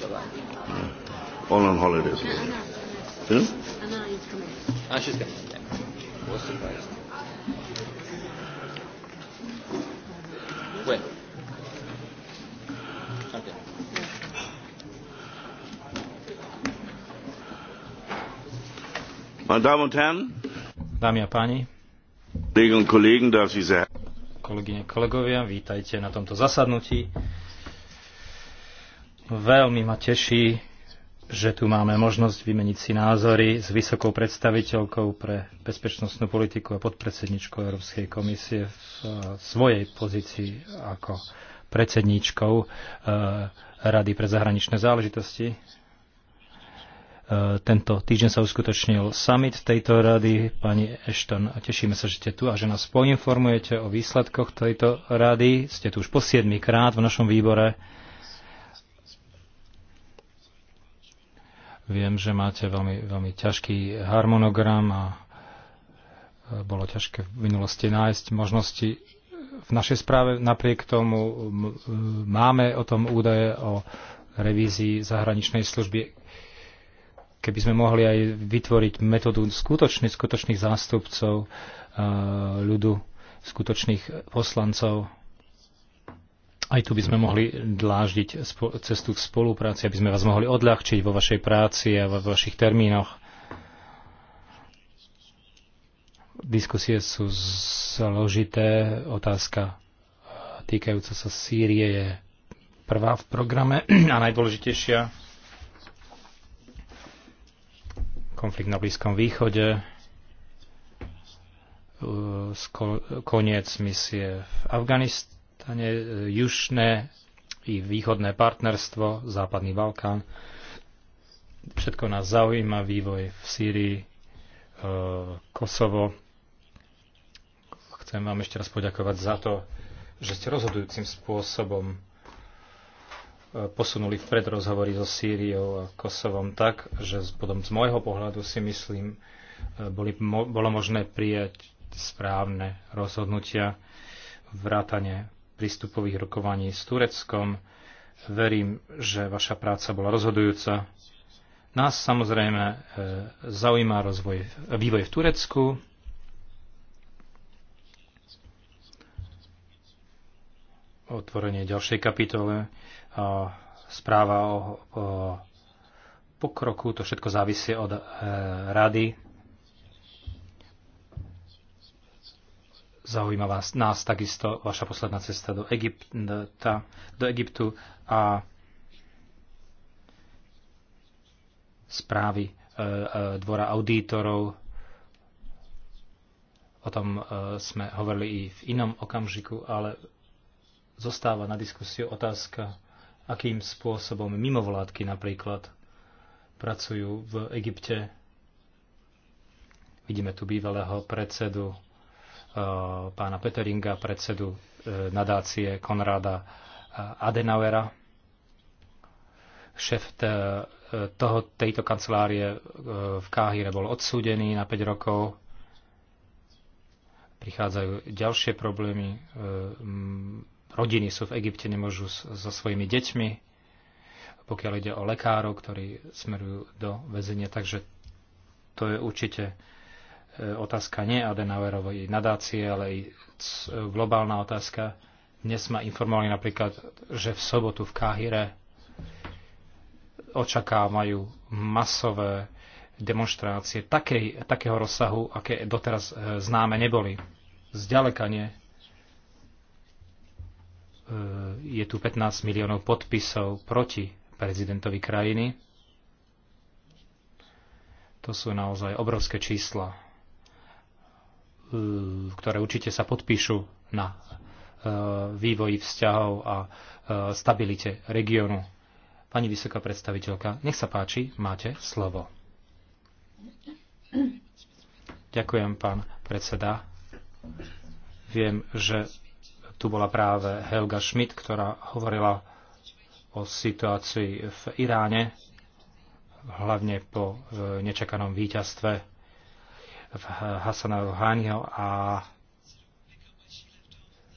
Hmm. All on holidays. No, Anna. Hmm? Anna is coming. Ah, she's coming. Yeah. Was surprised. When? Dámy a páni, Kolegyne, kolegovia, vítajte na tomto zasadnutí. Veľmi ma teší, že tu máme možnosť vymeniť si názory s vysokou predstaviteľkou pre bezpečnostnú politiku a podpredsedničkou Európskej komisie v eh, svojej pozícii ako predsedníčkou eh, Rady pre zahraničné záležitosti. Eh, tento týždeň sa uskutočnil summit tejto rady. Pani Ashton, tešíme sa, že ste tu a že nás poinformujete o výsledkoch tejto rady. Ste tu už po 7 krát v našom výbore. Viem, že máte veľmi, veľmi ťažký harmonogram a e, bolo ťažké v minulosti nájsť možnosti. V našej správe napriek tomu máme o tom údaje o revízii zahraničnej služby. Keby sme mohli aj vytvoriť metódu skutočných, skutočných zástupcov e, ľudu, skutočných poslancov, aj tu by sme mohli dláždiť cestu k spolupráci, aby sme vás mohli odľahčiť vo vašej práci a vo vašich termínoch. Diskusie sú zložité. Otázka e, týkajúca sa Sýrie je prvá v programe a najdôležitejšia. Konflikt na Blízkom východe, e, koniec misie v Afganistane, vrátane e, južné i východné partnerstvo, západný Balkán. Všetko nás zaujíma, vývoj v Sýrii, e, Kosovo. Chcem vám ešte raz poďakovať za to, že ste rozhodujúcim spôsobom e, posunuli vpred rozhovory so Sýriou a Kosovom tak, že potom z môjho pohľadu si myslím, boli, mo, bolo možné prijať správne rozhodnutia vrátane prístupových rokovaní s Tureckom. Verím, že vaša práca bola rozhodujúca. Nás samozrejme e, zaujíma rozvoj, vývoj v Turecku. Otvorenie ďalšej kapitole. Správa o, o pokroku, to všetko závisí od e, rady Zaujíma vás, nás takisto vaša posledná cesta do, Egypta, do Egyptu a správy e, e, dvora auditorov. O tom e, sme hovorili i v inom okamžiku, ale zostáva na diskusiu otázka, akým spôsobom mimovládky napríklad pracujú v Egypte. Vidíme tu bývalého predsedu Eh, pána Peteringa, predsedu eh, nadácie Konrada eh, Adenauera, šéf toho, tejto kancelárie v Káhire bol odsúdený na 5 rokov. Prichádzajú ďalšie problémy. Rodiny sú v Egypte, nemôžu so svojimi deťmi, pokiaľ ide o lekárov, ktorí smerujú do väzenia. Takže to je určite otázka nie Adenauerovej nadácie, ale i globálna otázka. Dnes ma informovali napríklad, že v sobotu v Káhire očakávajú masové demonstrácie takej, takého rozsahu, aké doteraz e, známe neboli. Zďaleka nie. E, je tu 15 miliónov podpisov proti prezidentovi krajiny. To sú naozaj obrovské čísla ktoré určite sa podpíšu na e, vývoji vzťahov a e, stabilite regiónu. Pani vysoká predstaviteľka, nech sa páči, máte slovo. Ďakujem, pán predseda. Viem, že tu bola práve Helga Schmidt, ktorá hovorila o situácii v Iráne, hlavne po e, nečakanom víťazstve Hasana Rouhaniho a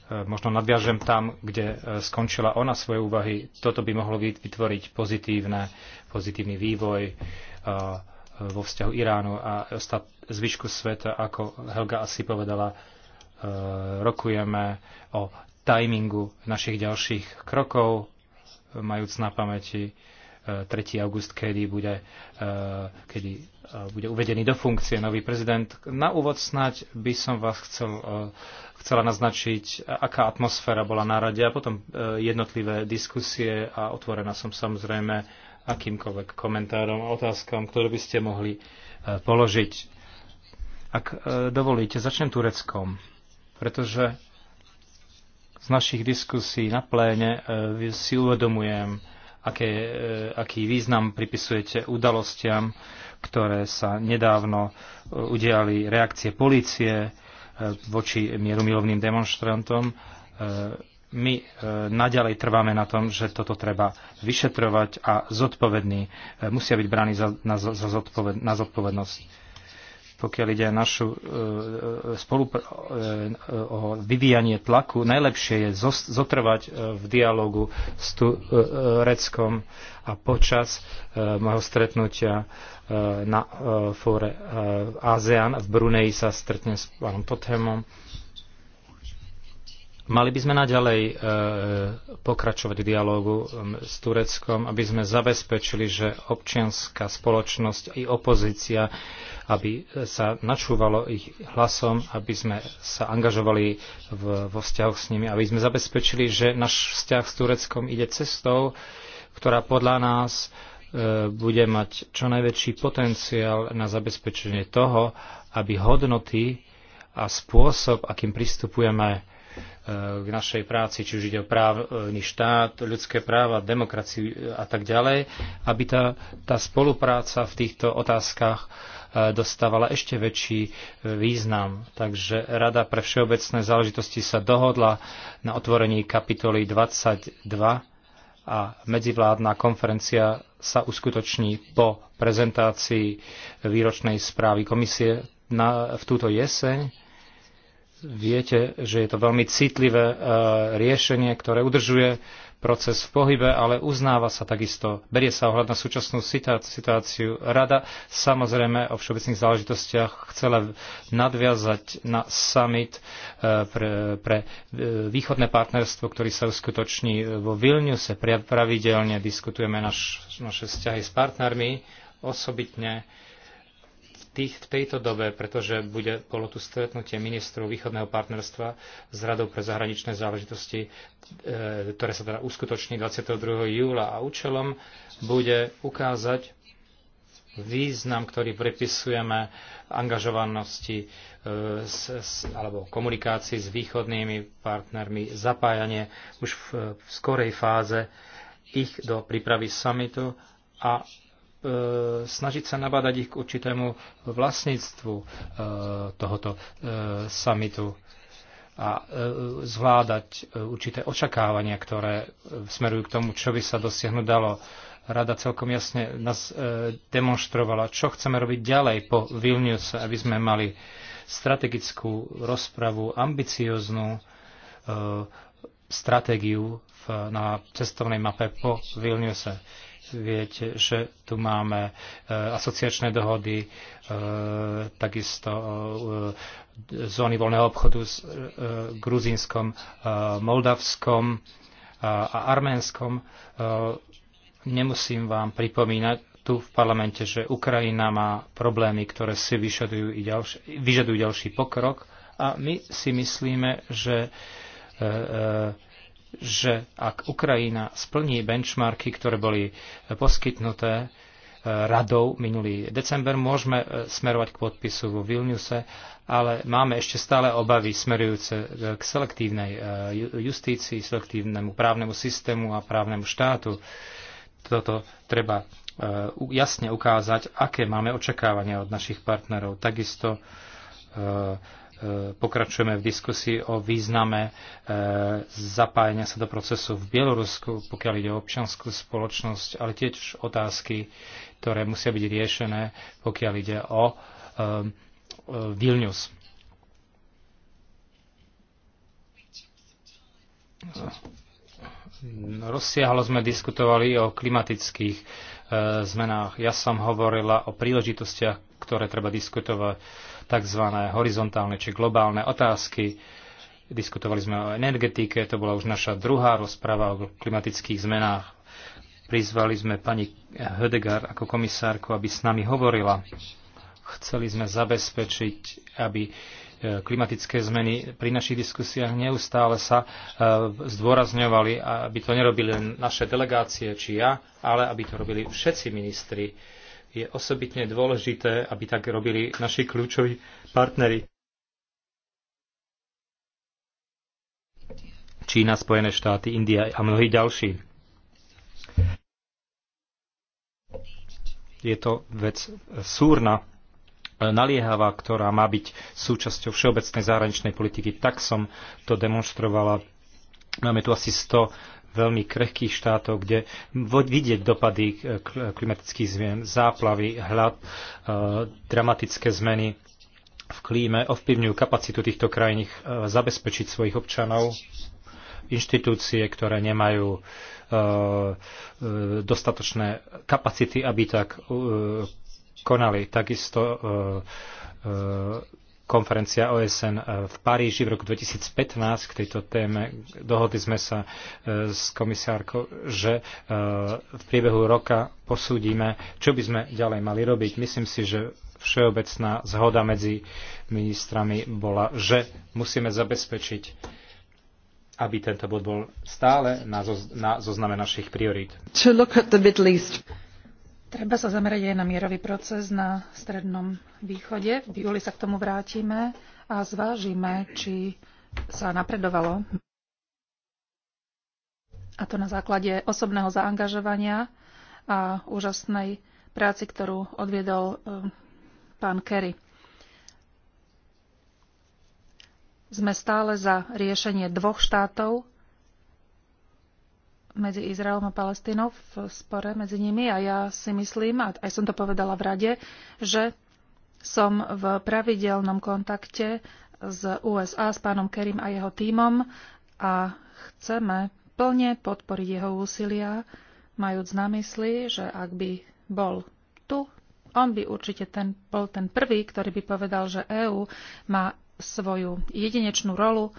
e, možno nadviažem tam, kde e, skončila ona svoje úvahy. Toto by mohlo vytvoriť pozitívne, pozitívny vývoj e, vo vzťahu Iránu a zvyšku sveta, ako Helga asi povedala, rokujeme o timingu našich ďalších krokov, majúc na pamäti 3. august, kedy bude, kedy bude uvedený do funkcie nový prezident. Na úvod snáď by som vás chcel, e, chcela naznačiť, aká atmosféra bola na rade a potom e, jednotlivé diskusie a otvorená som samozrejme akýmkoľvek komentárom a otázkam, ktoré by ste mohli e, položiť. Ak dovolíte, začnem Tureckom, pretože z našich diskusí na pléne si uvedomujem, aké, e, aký význam pripisujete udalostiam, ktoré sa nedávno e, udiali reakcie policie e, voči mierumilovným demonstrantom. My naďalej trváme na tom, že toto treba vyšetrovať a zodpovední musia byť braní za, na, za zodpoved, na zodpovednosť pokiaľ ide našu, e, e spolupr- e, e, o vyvíjanie tlaku, najlepšie je zotrvať e, v dialogu s Tureckom e, a počas e, môjho stretnutia e, na e, fóre e, ASEAN v Brunei sa stretne s pánom Pothemom. Mali by sme naďalej e, pokračovať v dialógu s Tureckom, aby sme zabezpečili, že občianská spoločnosť i opozícia e, aby sa načúvalo ich hlasom, aby sme sa angažovali v, vo vzťahoch s nimi, aby sme zabezpečili, že náš vzťah s Tureckom ide cestou, ktorá podľa nás e, bude mať čo najväčší potenciál na zabezpečenie toho, aby hodnoty a spôsob, akým pristupujeme k našej práci, či už ide o právny štát, ľudské práva, demokraciu a tak ďalej, aby tá, tá spolupráca v týchto otázkach e, dostávala ešte väčší e, význam. Takže Rada pre všeobecné záležitosti sa dohodla na otvorení kapitoly 22 a medzivládna konferencia sa uskutoční po prezentácii výročnej správy komisie na, v túto jeseň Viete, že je to veľmi citlivé e, riešenie, ktoré udržuje proces v pohybe, ale uznáva sa takisto, berie sa ohľad na súčasnú situáciu. Rada samozrejme o všeobecných záležitostiach chcela nadviazať na summit e, pre, pre e, východné partnerstvo, ktorý sa uskutoční vo Vilniuse. Pravidelne diskutujeme naš, naše vzťahy s partnermi, osobitne tých v tejto dobe, pretože bude, bolo tu stretnutie ministrov východného partnerstva s Radou pre zahraničné záležitosti, e, ktoré sa teda uskutoční 22. júla a účelom bude ukázať význam, ktorý pripisujeme angažovanosti e, s, s, alebo komunikácii s východnými partnermi, zapájanie už v, v skorej fáze ich do prípravy samitu a E, snažiť sa nabádať ich k určitému vlastníctvu e, tohoto e, samitu a zvládať určité očakávania, ktoré smerujú k tomu, čo by sa dosiahnuť dalo. Rada celkom jasne nás demonstrovala, čo chceme robiť ďalej po Vilniuse, aby sme mali strategickú rozpravu, ambicioznú stratégiu na cestovnej mape po Vilniuse viete, že tu máme eh, asociačné dohody, eh, takisto eh, zóny voľného obchodu s Gruzínskom, Moldavskom a Arménskom. Nemusím vám pripomínať tu v parlamente, že Ukrajina má problémy, ktoré si vyžadujú, i ďalši, vyžadujú ďalší pokrok a my si myslíme, že že ak Ukrajina splní benchmarky, ktoré boli e, poskytnuté e, radou minulý december, môžeme e, smerovať k podpisu vo Vilniuse, ale máme ešte stále obavy smerujúce k selektívnej justícii, selektívnemu právnemu systému a právnemu štátu. Toto treba jasne ukázať, aké máme očakávania od našich partnerov. Takisto pokračujeme v diskusii o význame e, zapájania sa do procesu v Bielorusku, pokiaľ ide o občianskú spoločnosť, ale tiež otázky, ktoré musia byť riešené, pokiaľ ide o e, e, Vilnius. Rozsiahlo sme diskutovali o klimatických zmenách. Ja som hovorila o príležitostiach, ktoré treba diskutovať tzv. horizontálne či globálne otázky. Diskutovali sme o energetike, to bola už naša druhá rozprava o klimatických zmenách. Prizvali sme pani Hödegar ako komisárku, aby s nami hovorila. Chceli sme zabezpečiť, aby e, klimatické zmeny pri našich diskusiách neustále sa e, zdôrazňovali, aby to nerobili len naše delegácie či ja, ale aby to robili všetci ministri je osobitne dôležité, aby tak robili naši kľúčoví partnery. Čína, Spojené štáty, India a mnohí ďalší. Je to vec súrna, naliehavá, ktorá má byť súčasťou všeobecnej zahraničnej politiky. Tak som to demonstrovala. Máme tu asi 100 veľmi krehkých štátov, kde vidieť dopady e, klimatických zmien, záplavy, hlad, e, dramatické zmeny v klíme ovplyvňujú kapacitu týchto krajín e, zabezpečiť svojich občanov, inštitúcie, ktoré nemajú dostatočné kapacity, aby tak konali. Takisto konferencia OSN e, v Paríži v roku 2015 k tejto téme. Dohodli sme sa e, s komisárkou, že e, v priebehu roka posúdime, čo by sme ďalej mali robiť. Myslím si, že všeobecná zhoda medzi ministrami bola, že musíme zabezpečiť, aby tento bod bol stále na, zozname našich priorít. Treba sa zamerať aj na mierový proces na Strednom východe. V júli sa k tomu vrátime a zvážime, či sa napredovalo. A to na základe osobného zaangažovania a úžasnej práci, ktorú odviedol e, pán Kerry. Sme stále za riešenie dvoch štátov medzi Izraelom a Palestínou v spore medzi nimi a ja si myslím, a aj som to povedala v rade, že som v pravidelnom kontakte s USA, s pánom Kerim a jeho tímom a chceme plne podporiť jeho úsilia, majúc na mysli, že ak by bol tu, on by určite ten, bol ten prvý, ktorý by povedal, že EÚ má svoju jedinečnú rolu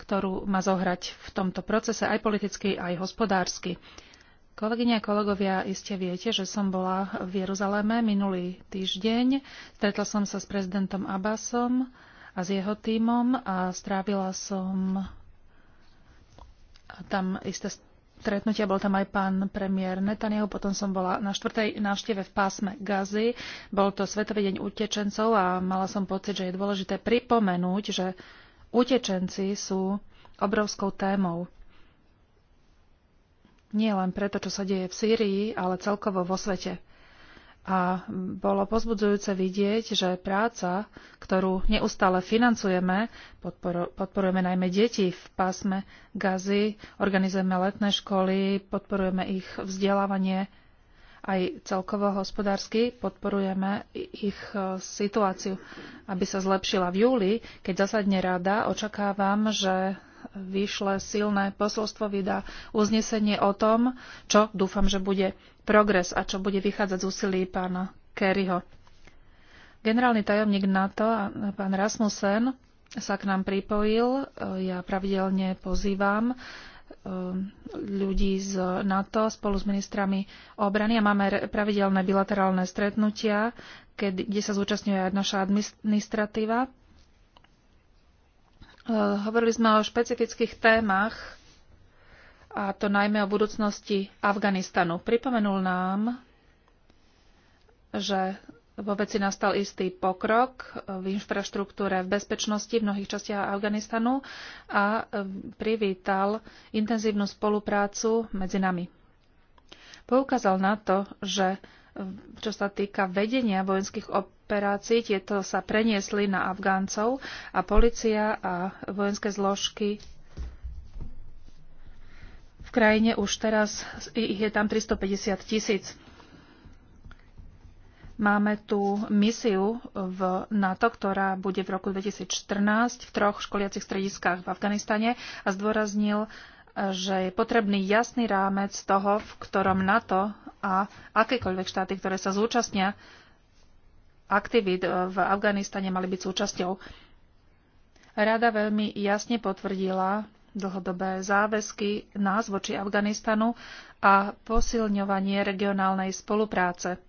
ktorú má zohrať v tomto procese aj politicky, aj hospodársky. Kolegyne a kolegovia, iste viete, že som bola v Jeruzaleme minulý týždeň. Stretla som sa s prezidentom Abbasom a s jeho tímom a strávila som tam isté stretnutia. Bol tam aj pán premiér Netanyahu, potom som bola na štvrtej návšteve v pásme Gazy. Bol to Svetový deň utečencov a mala som pocit, že je dôležité pripomenúť, že Utečenci sú obrovskou témou. Nie len preto, čo sa deje v Sýrii, ale celkovo vo svete. A bolo pozbudzujúce vidieť, že práca, ktorú neustále financujeme, podporujeme najmä deti v pásme Gazy, organizujeme letné školy, podporujeme ich vzdelávanie, aj celkovo hospodársky podporujeme ich e, situáciu, aby sa zlepšila v júli. Keď zasadne rada, očakávam, že vyšle silné posolstvo, vydá uznesenie o tom, čo dúfam, že bude progres a čo bude vychádzať z úsilí pána Kerryho. Generálny tajomník NATO, pán Rasmussen, sa k nám pripojil. E, ja pravidelne pozývam Eh, ľudí z NATO spolu s ministrami obrany a máme pravidelné bilaterálne stretnutia, kde sa zúčastňuje aj naša administratíva. Eh, hovorili sme o špecifických témach, a to najmä o budúcnosti Afganistanu. Pripomenul nám, že vo veci nastal istý pokrok v infraštruktúre, v bezpečnosti v mnohých častiach Afganistanu a e, privítal intenzívnu spoluprácu medzi nami. Poukázal na to, že e, čo sa týka vedenia vojenských operácií, tieto sa preniesli na Afgáncov a policia a vojenské zložky v krajine už teraz ich je tam 350 tisíc. Máme tu misiu v NATO, ktorá bude v roku 2014 v troch školiacich strediskách v Afganistane a zdôraznil, že je potrebný jasný rámec toho, v ktorom NATO a akékoľvek štáty, ktoré sa zúčastnia aktivít v Afganistane, mali byť súčasťou. Rada veľmi jasne potvrdila dlhodobé záväzky nás voči Afganistanu a posilňovanie regionálnej spolupráce.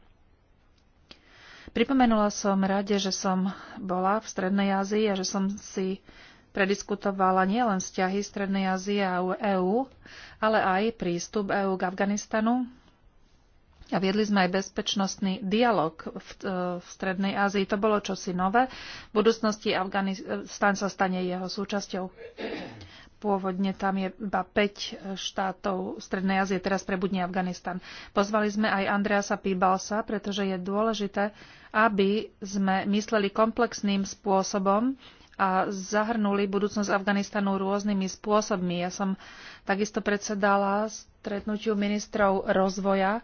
Pripomenula som rade, že som bola v Strednej Ázii a že som si prediskutovala nielen vzťahy Strednej Ázie a EÚ, ale aj prístup EÚ k Afganistanu. A viedli sme aj bezpečnostný dialog v, e, v Strednej Ázii. To bolo čosi nové. V budúcnosti Afganistan e, sa stane jeho súčasťou. Pôvodne tam je iba 5 e, štátov Strednej Azie, teraz prebudne Afganistan. Pozvali sme aj Andreasa Pibalsa, pretože je dôležité, aby sme mysleli komplexným spôsobom a zahrnuli budúcnosť Afganistanu rôznymi spôsobmi. Ja som takisto predsedala stretnutiu ministrov rozvoja.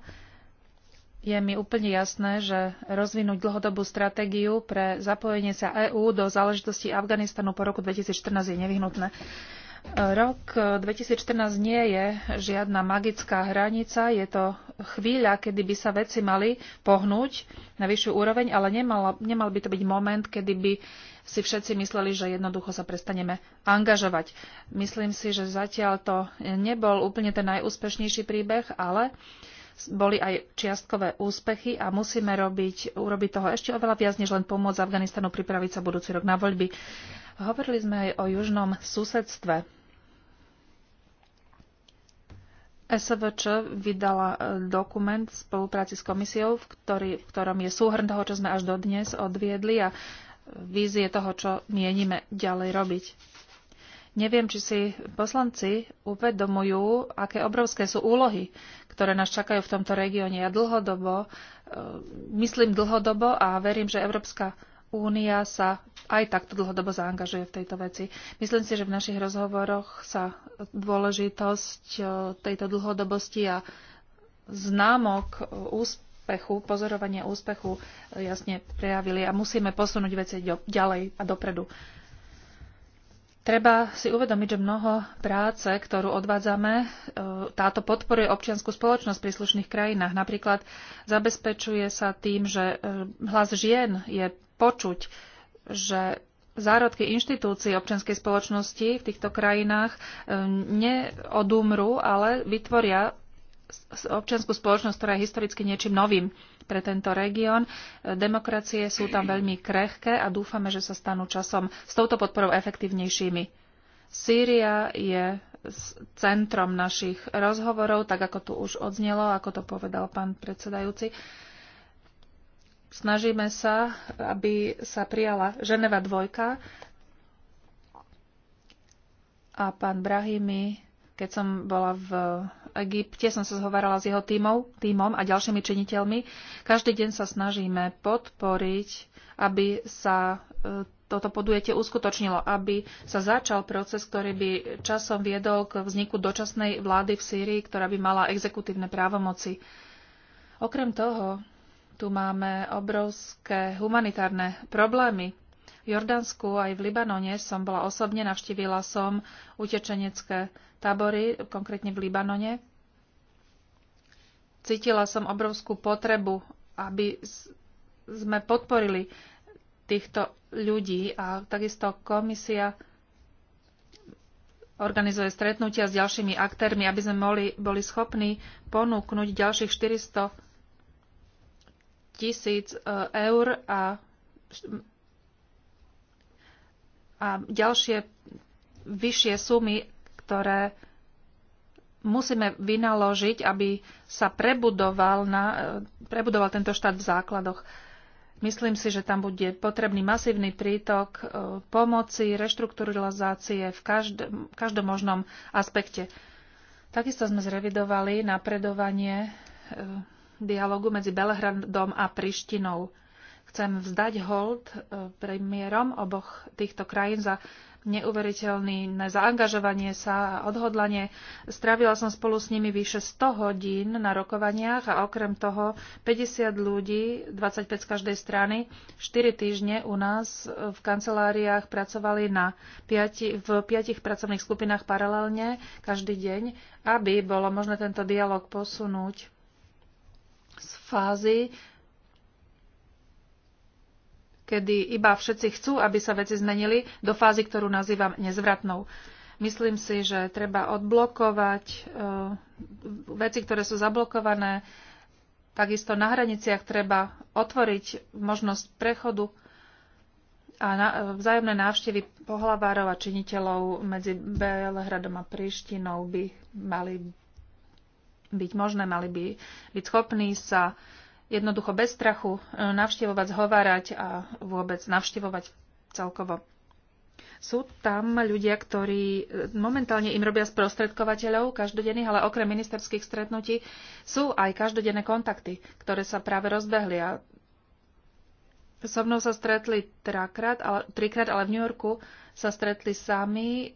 Je mi úplne jasné, že rozvinúť dlhodobú stratégiu pre zapojenie sa EÚ do záležitosti Afganistanu po roku 2014 je nevyhnutné. Rok 2014 e, nie je žiadna magická hranica, je to chvíľa, kedy by sa veci mali pohnúť na vyššiu úroveň, ale nemal, nemal by to byť moment, kedy by si všetci mysleli, že jednoducho sa prestaneme angažovať. Myslím si, že zatiaľ to nebol úplne ten najúspešnejší príbeh, ale boli aj čiastkové úspechy a musíme robiť, urobiť toho ešte oveľa viac, než len pomôcť Afganistanu pripraviť sa budúci rok na voľby. Hovorili sme aj o južnom susedstve SVČ vydala e, dokument v spolupráci s komisiou, v, ktorý, v ktorom je súhrn toho, čo sme až dodnes odviedli a vízie toho, čo mienime ďalej robiť. Neviem, či si poslanci uvedomujú, aké obrovské sú úlohy, ktoré nás čakajú v tomto regióne. Ja dlhodobo, e, myslím dlhodobo a verím, že Európska únia sa aj takto dlhodobo zaangažuje v tejto veci. Myslím si, že v našich rozhovoroch sa dôležitosť e, tejto dlhodobosti a známok úspechu, pozorovania úspechu e, jasne prejavili a musíme posunúť veci ďalej a dopredu. Treba si uvedomiť, že mnoho práce, ktorú odvádzame, e, táto podporuje občianskú spoločnosť v príslušných krajinách. Napríklad zabezpečuje sa tým, že e, hlas žien je počuť, že zárodky inštitúcií občianskej spoločnosti v týchto krajinách e, neodúmru, ale vytvoria občianskú spoločnosť, ktorá je historicky niečím novým pre tento región. Demokracie sú tam veľmi krehké a dúfame, že sa stanú časom s touto podporou efektívnejšími. Sýria je centrom našich rozhovorov, tak ako tu už odznelo, ako to povedal pán predsedajúci. Snažíme sa, aby sa prijala Ženeva dvojka a pán Brahimi, keď som bola v Egypte som sa zhovárala s jeho týmom týmom a ďalšími činiteľmi. Každý deň sa snažíme podporiť, aby sa e, toto podujatie uskutočnilo, aby sa začal proces, ktorý by časom viedol k vzniku dočasnej vlády v Sýrii, ktorá by mala exekutívne právomoci. Okrem toho, tu máme obrovské humanitárne problémy. Jordánsku aj v Libanone som bola osobne, navštívila som utečenecké tábory, konkrétne v Libanone. Cítila som obrovskú potrebu, aby sme podporili týchto ľudí a takisto komisia organizuje stretnutia s ďalšími aktérmi, aby sme boli, boli schopní ponúknuť ďalších 400 tisíc e, eur a a ďalšie vyššie sumy, ktoré musíme vynaložiť, aby sa prebudoval, na, prebudoval tento štát v základoch. Myslím si, že tam bude potrebný masívny prítok e, pomoci, reštrukturalizácie v každom, každom možnom aspekte. Takisto sme zrevidovali napredovanie e, dialogu medzi Belehradom a Prištinou. Chcem vzdať hold e, premiérom oboch týchto krajín za neuveriteľné zaangažovanie sa a odhodlanie. Strávila som spolu s nimi vyše 100 hodín na rokovaniach a okrem toho 50 ľudí, 25 z každej strany, 4 týždne u nás v kanceláriách pracovali na 5, v 5 pracovných skupinách paralelne každý deň, aby bolo možné tento dialog posunúť z fázy kedy iba všetci chcú, aby sa veci zmenili, do fázy, ktorú nazývam nezvratnou. Myslím si, že treba odblokovať e, veci, ktoré sú zablokované. Takisto na hraniciach treba otvoriť možnosť prechodu a na, eh, vzájomné návštevy pohlavárov a činiteľov medzi Belhradom a Prištinou by mali byť možné, mali by byť schopní sa e, jednoducho bez strachu e, navštevovať, zhovárať a vôbec navštevovať celkovo. Sú tam ľudia, ktorí e, momentálne im robia sprostredkovateľov každodenných, ale okrem ministerských stretnutí sú aj každodenné kontakty, ktoré sa práve rozbehli a so mnou sa stretli trakrát, ale, trikrát, ale v New Yorku sa stretli sami.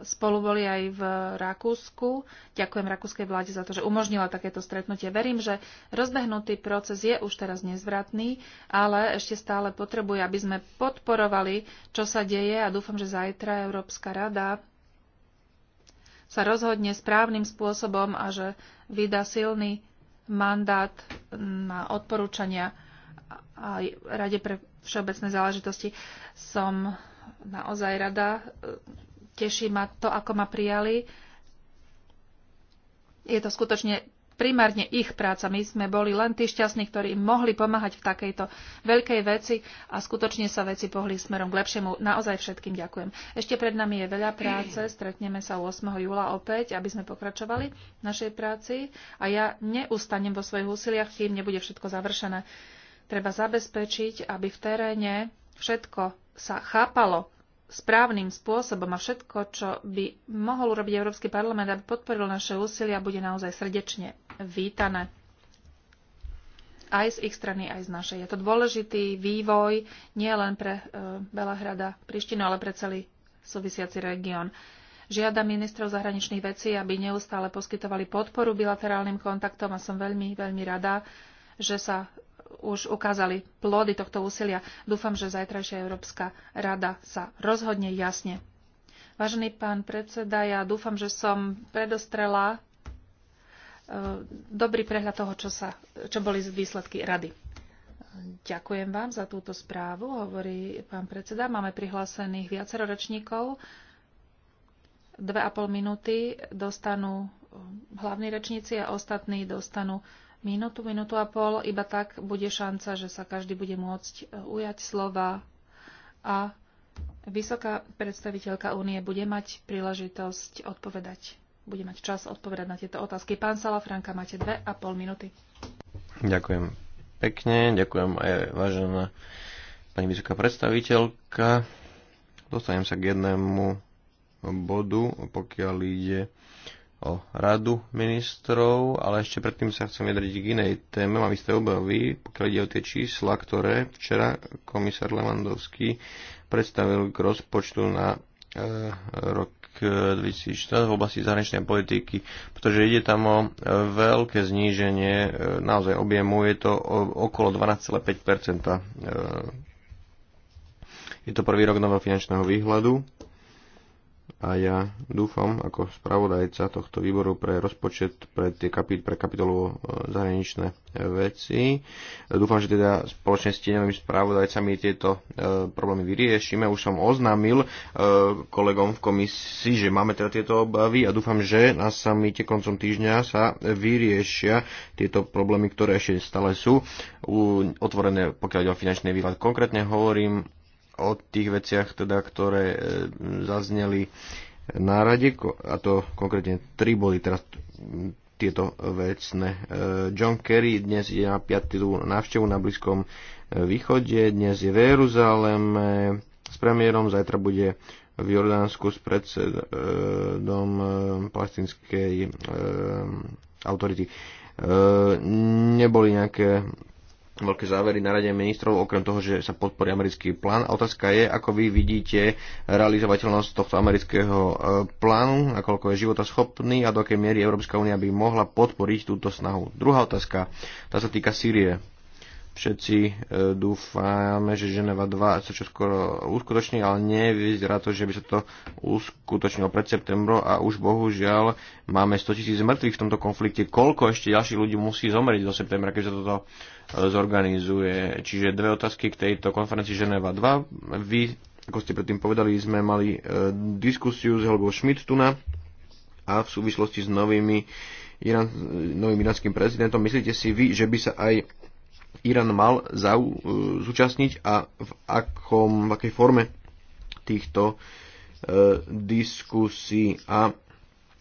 Spolu boli aj v Rakúsku. Ďakujem rakúskej vláde za to, že umožnila takéto stretnutie. Verím, že rozbehnutý proces je už teraz nezvratný, ale ešte stále potrebuje, aby sme podporovali, čo sa deje a dúfam, že zajtra Európska rada sa rozhodne správnym spôsobom a že vydá silný mandát na odporúčania a Rade pre všeobecné záležitosti som naozaj rada. Teší ma to, ako ma prijali. Je to skutočne primárne ich práca. My sme boli len tí šťastní, ktorí im mohli pomáhať v takejto veľkej veci a skutočne sa veci pohli smerom k lepšiemu. Naozaj všetkým ďakujem. Ešte pred nami je veľa práce. Stretneme sa 8. júla opäť, aby sme pokračovali v našej práci. A ja neustanem vo svojich úsiliach, kým nebude všetko završené. Treba zabezpečiť, aby v teréne všetko sa chápalo správnym spôsobom a všetko, čo by mohol urobiť Európsky parlament, aby podporil naše úsilia, bude naozaj srdečne vítané. Aj z ich strany, aj z našej. Je to dôležitý vývoj nie len pre e, Belahrada, Prištinu, ale pre celý súvisiaci región. Žiada ministrov zahraničných vecí, aby neustále poskytovali podporu bilaterálnym kontaktom a som veľmi, veľmi rada, že sa už ukázali plody tohto úsilia. Dúfam, že zajtrajšia Európska rada sa rozhodne jasne. Vážený pán predseda, ja dúfam, že som predostrela e, dobrý prehľad toho, čo, sa, čo boli výsledky rady. Ďakujem vám za túto správu, hovorí pán predseda. Máme prihlásených viacero rečníkov. Dve a pol minúty dostanú e, hlavní rečníci a ostatní dostanú minútu, minútu a pol. Iba tak bude šanca, že sa každý bude môcť e, ujať slova a vysoká predstaviteľka únie bude mať príležitosť odpovedať. Bude mať čas odpovedať na tieto otázky. Pán Sala Franka, máte dve a pol minúty. Ďakujem pekne, ďakujem aj vážená pani vysoká predstaviteľka. Dostanem sa k jednému bodu, pokiaľ ide o radu ministrov, ale ešte predtým sa chcem vyjadriť k inej téme. Mám isté obavy, pokiaľ ide o tie čísla, ktoré včera komisár Lewandowski predstavil k rozpočtu na e, rok 2014 e, v oblasti zahraničnej politiky, pretože ide tam o e, veľké zníženie e, naozaj objemu, je to o, okolo 12,5%. E, je to prvý rok nového finančného výhľadu a ja dúfam ako spravodajca tohto výboru pre rozpočet pre, tie kapi- pre kapitolu e, zahraničné e, veci. Dúfam, že teda spoločne s tieňovými spravodajcami tieto e, problémy vyriešime. Už som oznámil e, kolegom v komisii, že máme teda tieto obavy a dúfam, že na samite koncom týždňa sa vyriešia tieto problémy, ktoré ešte stále sú u, otvorené, pokiaľ ide o finančný výhľad. Konkrétne hovorím o tých veciach, teda, ktoré e, zazneli na rade, a to konkrétne tri boli teraz tieto vecné. E, John Kerry dnes je na 5. návštevu na Blízkom e, východe, dnes je v Jeruzaleme s premiérom, zajtra bude v Jordánsku s predsedom palestinskej autority. Neboli nejaké veľké závery na rade ministrov, okrem toho, že sa podporí americký plán. A otázka je, ako vy vidíte realizovateľnosť tohto amerického e, plánu, nakoľko je životaschopný a do akej miery Európska únia by mohla podporiť túto snahu. Druhá otázka, tá sa týka Sýrie. Všetci e, dúfame, že Ženeva 2 sa čo skoro uskutoční, ale nevyzerá to, že by sa to uskutočnilo pred septembrom a už bohužiaľ máme 100 tisíc mŕtvych v tomto konflikte. Koľko ešte ďalších ľudí musí zomrieť do septembra, keď sa toto e, zorganizuje? Čiže dve otázky k tejto konferencii Ženeva 2. Vy, ako ste predtým povedali, sme mali e, diskusiu s Helgou Schmidtuna a v súvislosti s novými Iran, novým iránskym prezidentom. Myslíte si vy, že by sa aj Irán mal zau, e, zúčastniť a v, akom, v akej forme týchto e, diskusí. A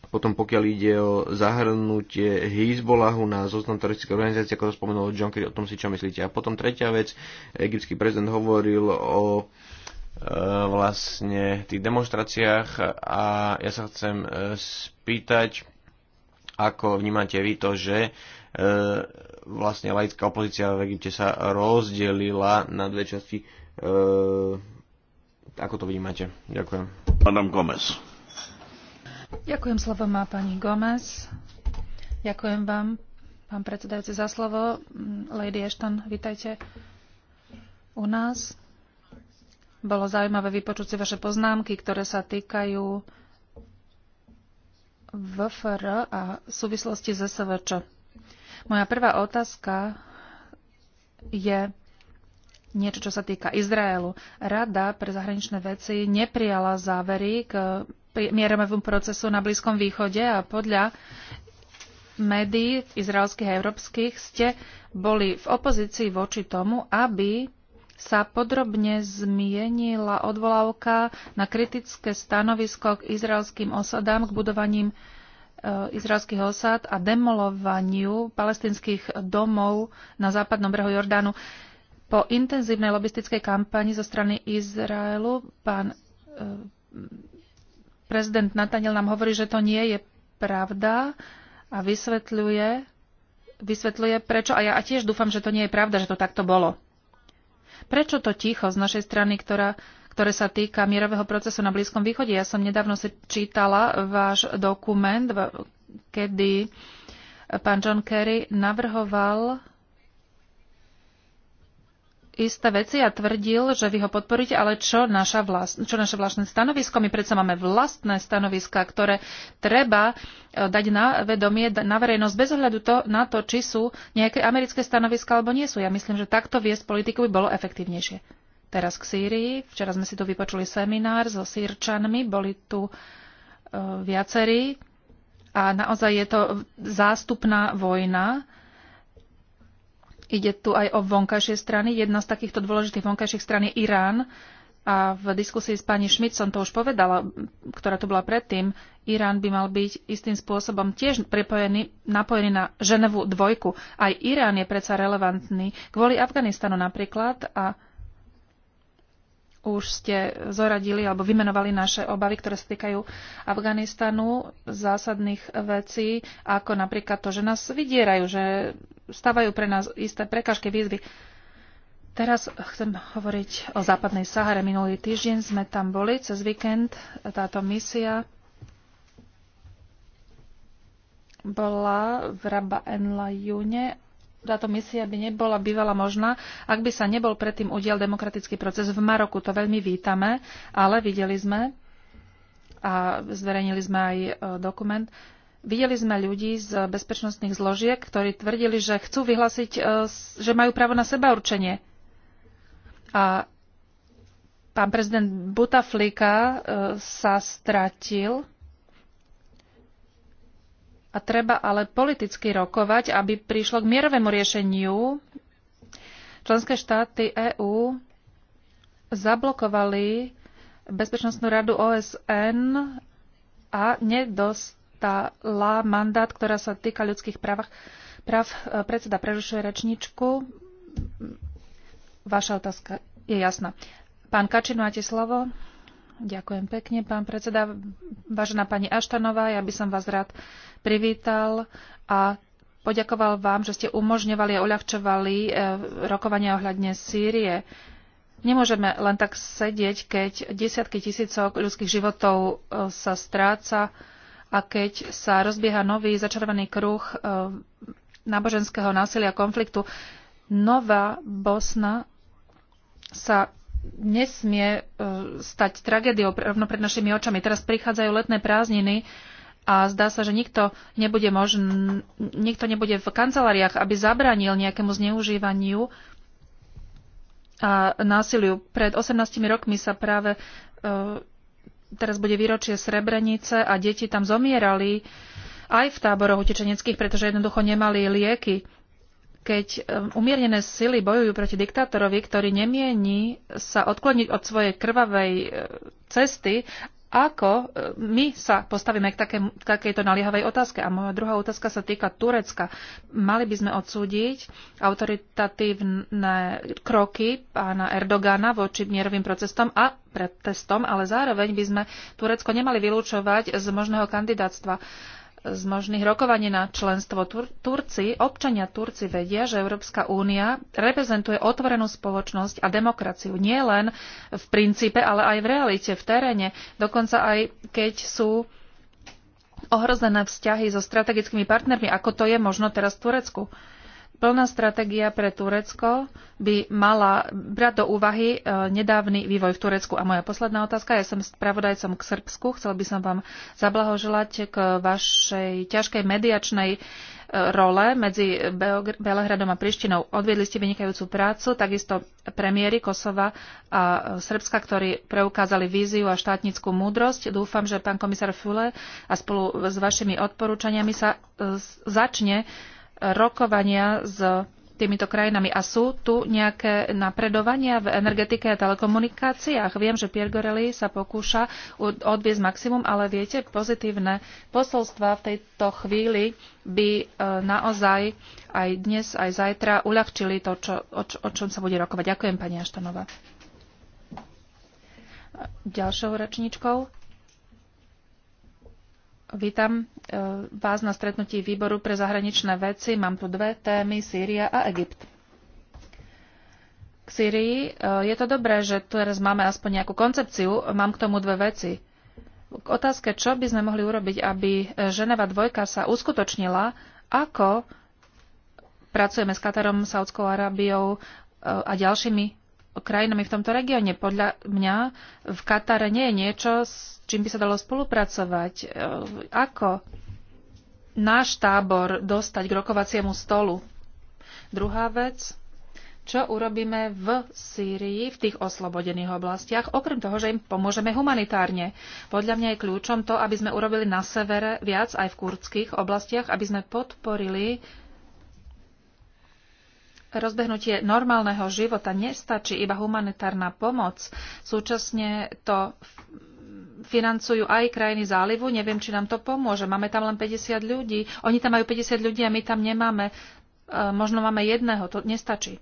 potom pokiaľ ide o zahrnutie Hezbollahu na zoznam teroristických organizácií, ako to spomenul John Kerry, o tom si čo myslíte. A potom tretia vec, egyptský prezident hovoril o e, vlastne tých demonstráciách a ja sa chcem e, spýtať, ako vnímate vy to, že e, E, vlastne laická opozícia v Egypte sa rozdelila na dve časti. E, ako to vnímate? Ďakujem. Adam Gomez. Ďakujem, slovo má pani Gomez. Ďakujem vám, pán predsedajúci, za slovo. Mm, Lady Ashton, vitajte u nás. Bolo zaujímavé vypočuť si vaše poznámky, ktoré sa týkajú VFR a súvislosti s SVČ. Moja prvá otázka je niečo, čo sa týka Izraelu. Rada pre zahraničné veci neprijala závery k mierovému procesu na Blízkom východe a podľa médií izraelských a európskych ste boli v opozícii voči tomu, aby sa podrobne zmienila odvolávka na kritické stanovisko k izraelským osadám k budovaním, E, izraelských osád a demolovaniu palestinských domov na západnom brehu Jordánu. Po intenzívnej lobistickej kampani zo strany Izraelu pán e, prezident Nataniel nám hovorí, že to nie je pravda a vysvetľuje, vysvetľuje prečo. A ja a tiež dúfam, že to nie je pravda, že to takto bolo. Prečo to ticho z našej strany, ktorá ktoré sa týka mierového procesu na Blízkom východe. Ja som nedávno si čítala váš dokument, kedy pán John Kerry navrhoval isté veci a tvrdil, že vy ho podporíte, ale čo, naša vlast, čo naše vlastné stanovisko? My predsa máme vlastné stanoviska, ktoré treba e, dať na vedomie, na verejnosť, bez ohľadu to, na to, či sú nejaké americké stanoviska alebo nie sú. Ja myslím, že takto viesť politiku by bolo efektívnejšie. Teraz k Sýrii. Včera sme si tu vypočuli seminár so Sýrčanmi, boli tu e, viacerí a naozaj je to zástupná vojna. Ide tu aj o vonkajšie strany. Jedna z takýchto dôležitých vonkajších stran je Irán. A v diskusii s pani Schmidt som to už povedala, ktorá tu bola predtým, Irán by mal byť istým spôsobom tiež pripojený, napojený na Ženevu dvojku. Aj Irán je predsa relevantný kvôli Afganistanu napríklad a už ste zoradili alebo vymenovali naše obavy, ktoré sa týkajú Afganistanu, zásadných vecí, ako napríklad to, že nás vydierajú, že stávajú pre nás isté prekážky, výzvy. Teraz chcem hovoriť o západnej Sahare. Minulý týždeň sme tam boli cez víkend. Táto misia bola v Raba Enla June táto misia by nebola bývala možná, ak by sa nebol predtým udial demokratický proces v Maroku. To veľmi vítame, ale videli sme a zverejnili sme aj e, dokument. Videli sme ľudí z bezpečnostných zložiek, ktorí tvrdili, že chcú vyhlásiť, e, že majú právo na seba určenie. A pán prezident Butaflika e, sa stratil a treba ale politicky rokovať, aby prišlo k mierovému riešeniu. Členské štáty EÚ zablokovali Bezpečnostnú radu OSN a nedostala mandát, ktorá sa týka ľudských práv. Práv e, predseda prerušuje rečničku. Vaša otázka je jasná. Pán Kačin, máte slovo. Ďakujem pekne, pán predseda. Vážená pani Aštanová, ja by som vás rád privítal a poďakoval vám, že ste umožňovali a uľahčovali e, rokovania ohľadne Sýrie. Nemôžeme len tak sedieť, keď desiatky tisícok ľudských životov e, sa stráca a keď sa rozbieha nový začarovaný kruh e, náboženského násilia a konfliktu. Nová Bosna sa nesmie e, stať tragédiou rovno pred našimi očami. Teraz prichádzajú letné prázdniny a zdá sa, že nikto nebude, možn... nikto nebude v kanceláriách, aby zabránil nejakému zneužívaniu a násiliu. Pred 18 rokmi sa práve e, teraz bude výročie Srebrenice a deti tam zomierali aj v táboroch utečeneckých, pretože jednoducho nemali lieky keď umiernené sily bojujú proti diktátorovi, ktorý nemieni sa odkloniť od svojej krvavej e, cesty, ako e, my sa postavíme k, také, k takejto naliehavej otázke. A moja druhá otázka sa týka Turecka. Mali by sme odsúdiť autoritatívne kroky pána Erdogana voči mierovým procesom a pretestom, ale zároveň by sme Turecko nemali vylúčovať z možného kandidátstva z možných rokovaní na členstvo Tur- Turci, občania Turci vedia, že Európska únia reprezentuje otvorenú spoločnosť a demokraciu nie len v princípe, ale aj v realite, v teréne, dokonca aj keď sú ohrozené vzťahy so strategickými partnermi, ako to je možno teraz v Turecku. Uh, Plná stratégia pre Turecko by mala brať do úvahy e, nedávny vývoj v Turecku. A moja posledná otázka, ja som spravodajcom k Srbsku, chcel by som vám zablahoželať k vašej ťažkej mediačnej e, role medzi Belehradom a Prištinou. Odviedli ste vynikajúcu prácu, takisto premiéry Kosova a e, Srbska, ktorí preukázali víziu a štátnickú múdrosť. Dúfam, že pán komisár Fule a spolu s vašimi odporúčaniami sa začne rokovania s týmito krajinami. A sú tu nejaké napredovania v energetike a telekomunikáciách? Viem, že Pierre Gorelli sa pokúša odviesť maximum, ale viete, pozitívne posolstva v tejto chvíli by e, naozaj aj dnes, aj zajtra uľahčili to, čo, o, čo, o čom sa bude rokovať. Ďakujem, pani Aštanová. Ďalšou račničkou. Vítam e, vás na stretnutí výboru pre zahraničné veci. Mám tu dve témy, Sýria a Egypt. K Sýrii e, je to dobré, že teraz máme aspoň nejakú koncepciu. Mám k tomu dve veci. K otázke, čo by sme mohli urobiť, aby Ženeva dvojka sa uskutočnila, ako pracujeme s Katarom, Saudskou Arábiou e, a ďalšími krajinami v tomto regióne. Podľa mňa v Katare nie je niečo, s čím by sa dalo spolupracovať. E, ako náš tábor dostať k rokovaciemu stolu? Druhá vec, čo urobíme v Sýrii, v tých oslobodených oblastiach, okrem toho, že im pomôžeme humanitárne. Podľa mňa je kľúčom to, aby sme urobili na severe viac aj v kurdských oblastiach, aby sme podporili rozbehnutie normálneho života nestačí iba humanitárna pomoc. Súčasne to financujú aj krajiny zálivu. Neviem, či nám to pomôže. Máme tam len 50 ľudí. Oni tam majú 50 ľudí a my tam nemáme. E, možno máme jedného. To nestačí.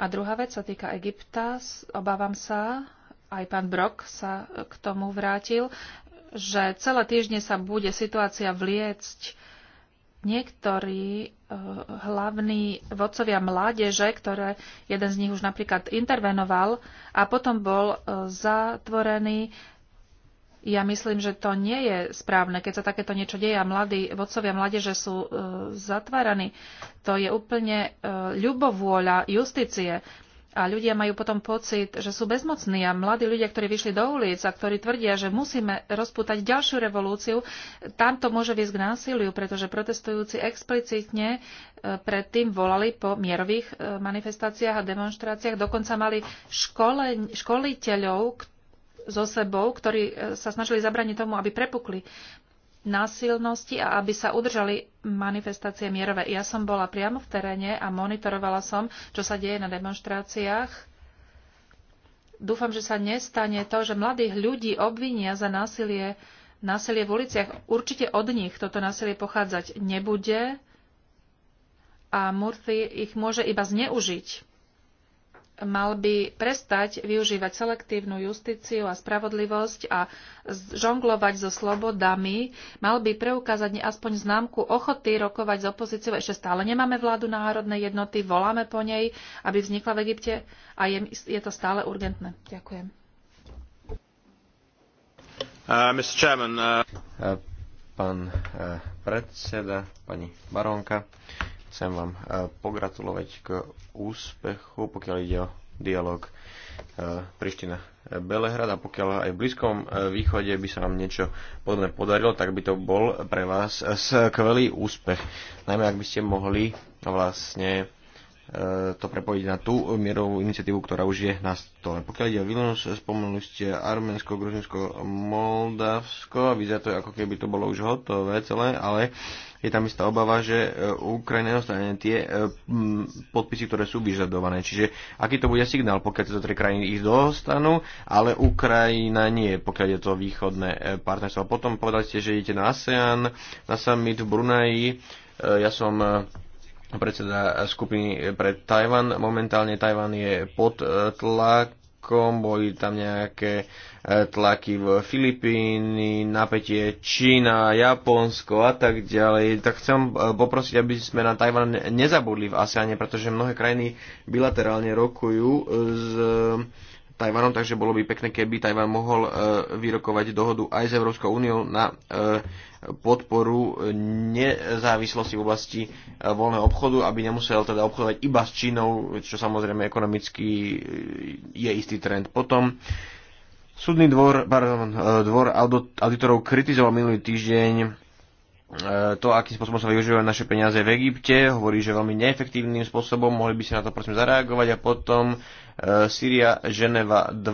A druhá vec sa týka Egypta. Obávam sa, aj pán Brok sa k tomu vrátil, že celé týždne sa bude situácia vliecť niektorí eh, hlavní vodcovia mládeže, ktoré jeden z nich už napríklad intervenoval a potom bol eh, zatvorený. Ja myslím, že to nie je správne, keď sa takéto niečo deje a mladí vodcovia mládeže sú eh, zatváraní. To je úplne ľubovôľa justície. A ľudia majú potom pocit, že sú bezmocní a mladí ľudia, ktorí vyšli do ulic a ktorí tvrdia, že musíme rozputať ďalšiu revolúciu, tam to môže viesť k násiliu, pretože protestujúci explicitne e, predtým volali po mierových e, manifestáciách a demonstráciách. Dokonca mali škole, školiteľov so sebou, ktorí e, sa snažili zabraniť tomu, aby prepukli násilnosti a aby sa udržali manifestácie mierové. Ja som bola priamo v teréne a monitorovala som, čo sa deje na demonstráciách. Dúfam, že sa nestane to, že mladých ľudí obvinia za násilie, násilie v uliciach. Určite od nich toto násilie pochádzať nebude a Murphy ich môže iba zneužiť mal by prestať využívať selektívnu justíciu a spravodlivosť a žonglovať so slobodami, mal by preukázať aspoň známku ochoty rokovať s opozíciou. Ešte stále nemáme vládu národnej jednoty, voláme po nej, aby vznikla v Egypte a je, je to stále urgentné. Ďakujem. Uh, Mr. Chairman, uh... uh pán uh, predseda, pani barónka, Chcem vám e, pogratulovať k úspechu, pokiaľ ide o dialog e, Priština Belehrad a pokiaľ aj v Blízkom e, východe by sa vám niečo podobné podarilo, tak by to bol pre vás skvelý úspech. Najmä ak by ste mohli vlastne E, to prepojiť na tú mierovú iniciatívu, ktorá už je na stole. Pokiaľ ide o Vilnius, spomenuli ste Arménsko, Gruzinsko, Moldavsko, vyzerá to ako keby to bolo už hotové celé, ale je tam istá obava, že e, Ukrajina nedostane tie e, podpisy, ktoré sú vyžadované. Čiže aký to bude signál, pokiaľ tieto tri krajiny ich dostanú, ale Ukrajina nie, pokiaľ je to východné partnerstvo. Potom povedali ste, že idete na ASEAN, na summit v Brunaji. Ja som predseda skupiny pre Tajvan. Momentálne Tajvan je pod e, tlakom, boli tam nejaké e, tlaky v Filipíny, napätie Čína, Japonsko a tak ďalej. Tak chcem e, poprosiť, aby sme na Tajvan nezabudli v ASEANe, pretože mnohé krajiny bilaterálne rokujú s Tajvanom, takže bolo by pekné, keby Tajvan mohol vyrokovať dohodu aj s Európskou úniou na podporu nezávislosti v oblasti eh, voľného obchodu, aby nemusel teda obchodovať iba s Čínou, čo samozrejme ekonomicky eh, je istý trend. Potom súdny dvor, pardon, eh, dvor auditorov kritizoval minulý týždeň to, akým spôsobom sa využívajú naše peniaze v Egypte, hovorí, že veľmi neefektívnym spôsobom, mohli by si na to prosím zareagovať a potom e, Syria, Ženeva 2, e,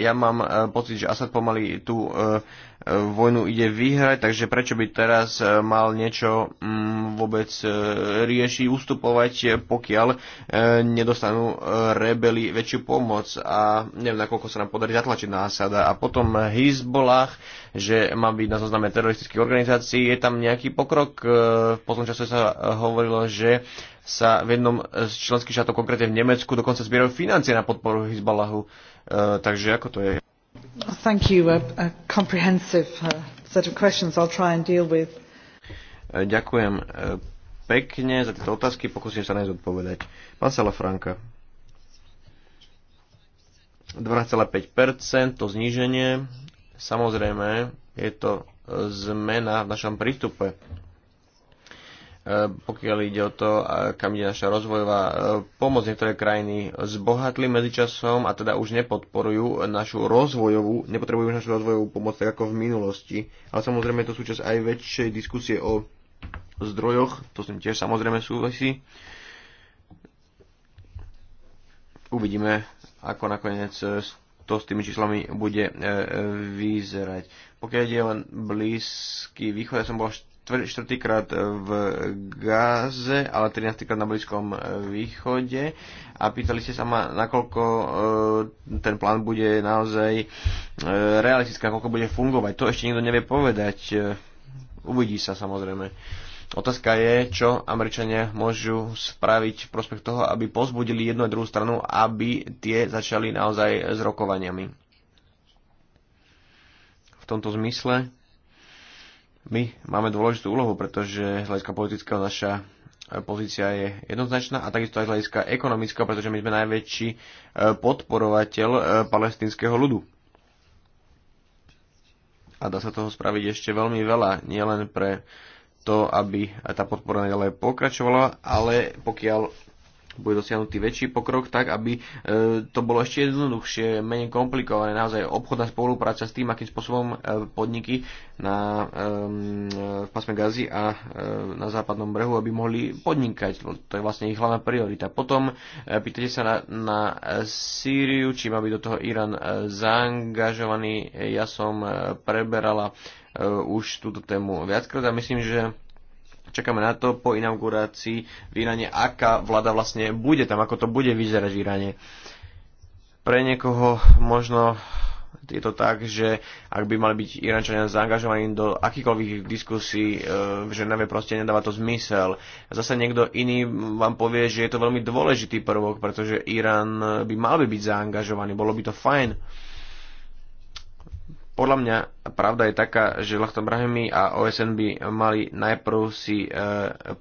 ja mám e, pocit, že Asad pomaly tú e, vojnu ide vyhrať, takže prečo by teraz e, mal niečo mm, vôbec e, riešiť, ustupovať, e, pokiaľ nedostanú rebeli väčšiu pomoc a neviem, nakoľko sa nám podarí zatlačiť na Asada. A potom Hezbollah, že má byť na zozname teroristických organizácií, je tam nejaký pokrok. V poslednom čase sa hovorilo, že sa v jednom z členských štátov, konkrétne v Nemecku, dokonca zbierajú financie na podporu Hezbollahu. Takže ako to je? Thank you. A, a comprehensive uh, set of questions I'll try and deal with. E, ďakujem e, pekne za tieto otázky, pokúsim sa nájsť odpovedať. Pán Salafranka. 12,5% to zníženie. Samozrejme, je to e, zmena v našom prístupe E, pokiaľ ide o to, kam ide naša rozvojová e, pomoc. Niektoré krajiny zbohatli medzičasom a teda už nepodporujú našu rozvojovú, nepotrebujú už našu rozvojovú pomoc tak ako v minulosti. Ale samozrejme to súčasť aj väčšej diskusie o zdrojoch, to s tým tiež samozrejme súvisí. Uvidíme, ako nakoniec to s tými číslami bude e, vyzerať. Pokiaľ ide len Blízky východ, ja som bol čtvrtýkrát e, v Gáze, ale 13 krát na Blízkom e, východe a pýtali ste sa ma, nakoľko e, ten plán bude naozaj realistický, nakoľko bude fungovať. To ešte nikto nevie povedať. Uvidí sa samozrejme. Otázka je, čo Američania môžu spraviť v prospech toho, aby pozbudili jednu a druhú stranu, aby tie začali naozaj s rokovaniami. V tomto zmysle my máme dôležitú úlohu, pretože z hľadiska politického naša e, pozícia je jednoznačná a takisto aj z hľadiska ekonomického, pretože my sme najväčší e, podporovateľ e, palestinského ľudu. A dá sa toho spraviť ešte veľmi veľa, nielen pre to, aby tá podpora ďalej pokračovala, ale pokiaľ bude dosiahnutý väčší pokrok, tak aby e, to bolo ešte jednoduchšie, menej komplikované. Naozaj obchodná spolupráca s tým, akým spôsobom e, podniky na, e, v pasme Gazi a na západnom brehu, aby mohli podnikať. To je vlastne ich hlavná priorita. Potom pýtate sa na, na Sýriu, či má byť do toho Irán zaangažovaný. Ja som preberala už túto tému viackrát a myslím, že čakáme na to po inaugurácii v Iráne, aká vláda vlastne bude tam, ako to bude vyzerať v Iráne. Pre niekoho možno je to tak, že ak by mali byť Irančania zaangažovaní do akýkoľvek diskusí e, v Ženeve, proste nedáva to zmysel. Zase niekto iný vám povie, že je to veľmi dôležitý prvok, pretože Irán by mal by byť zaangažovaný, bolo by to fajn. Podľa mňa pravda je taká, že Lachtan Brahimi a OSN by mali najprv si e,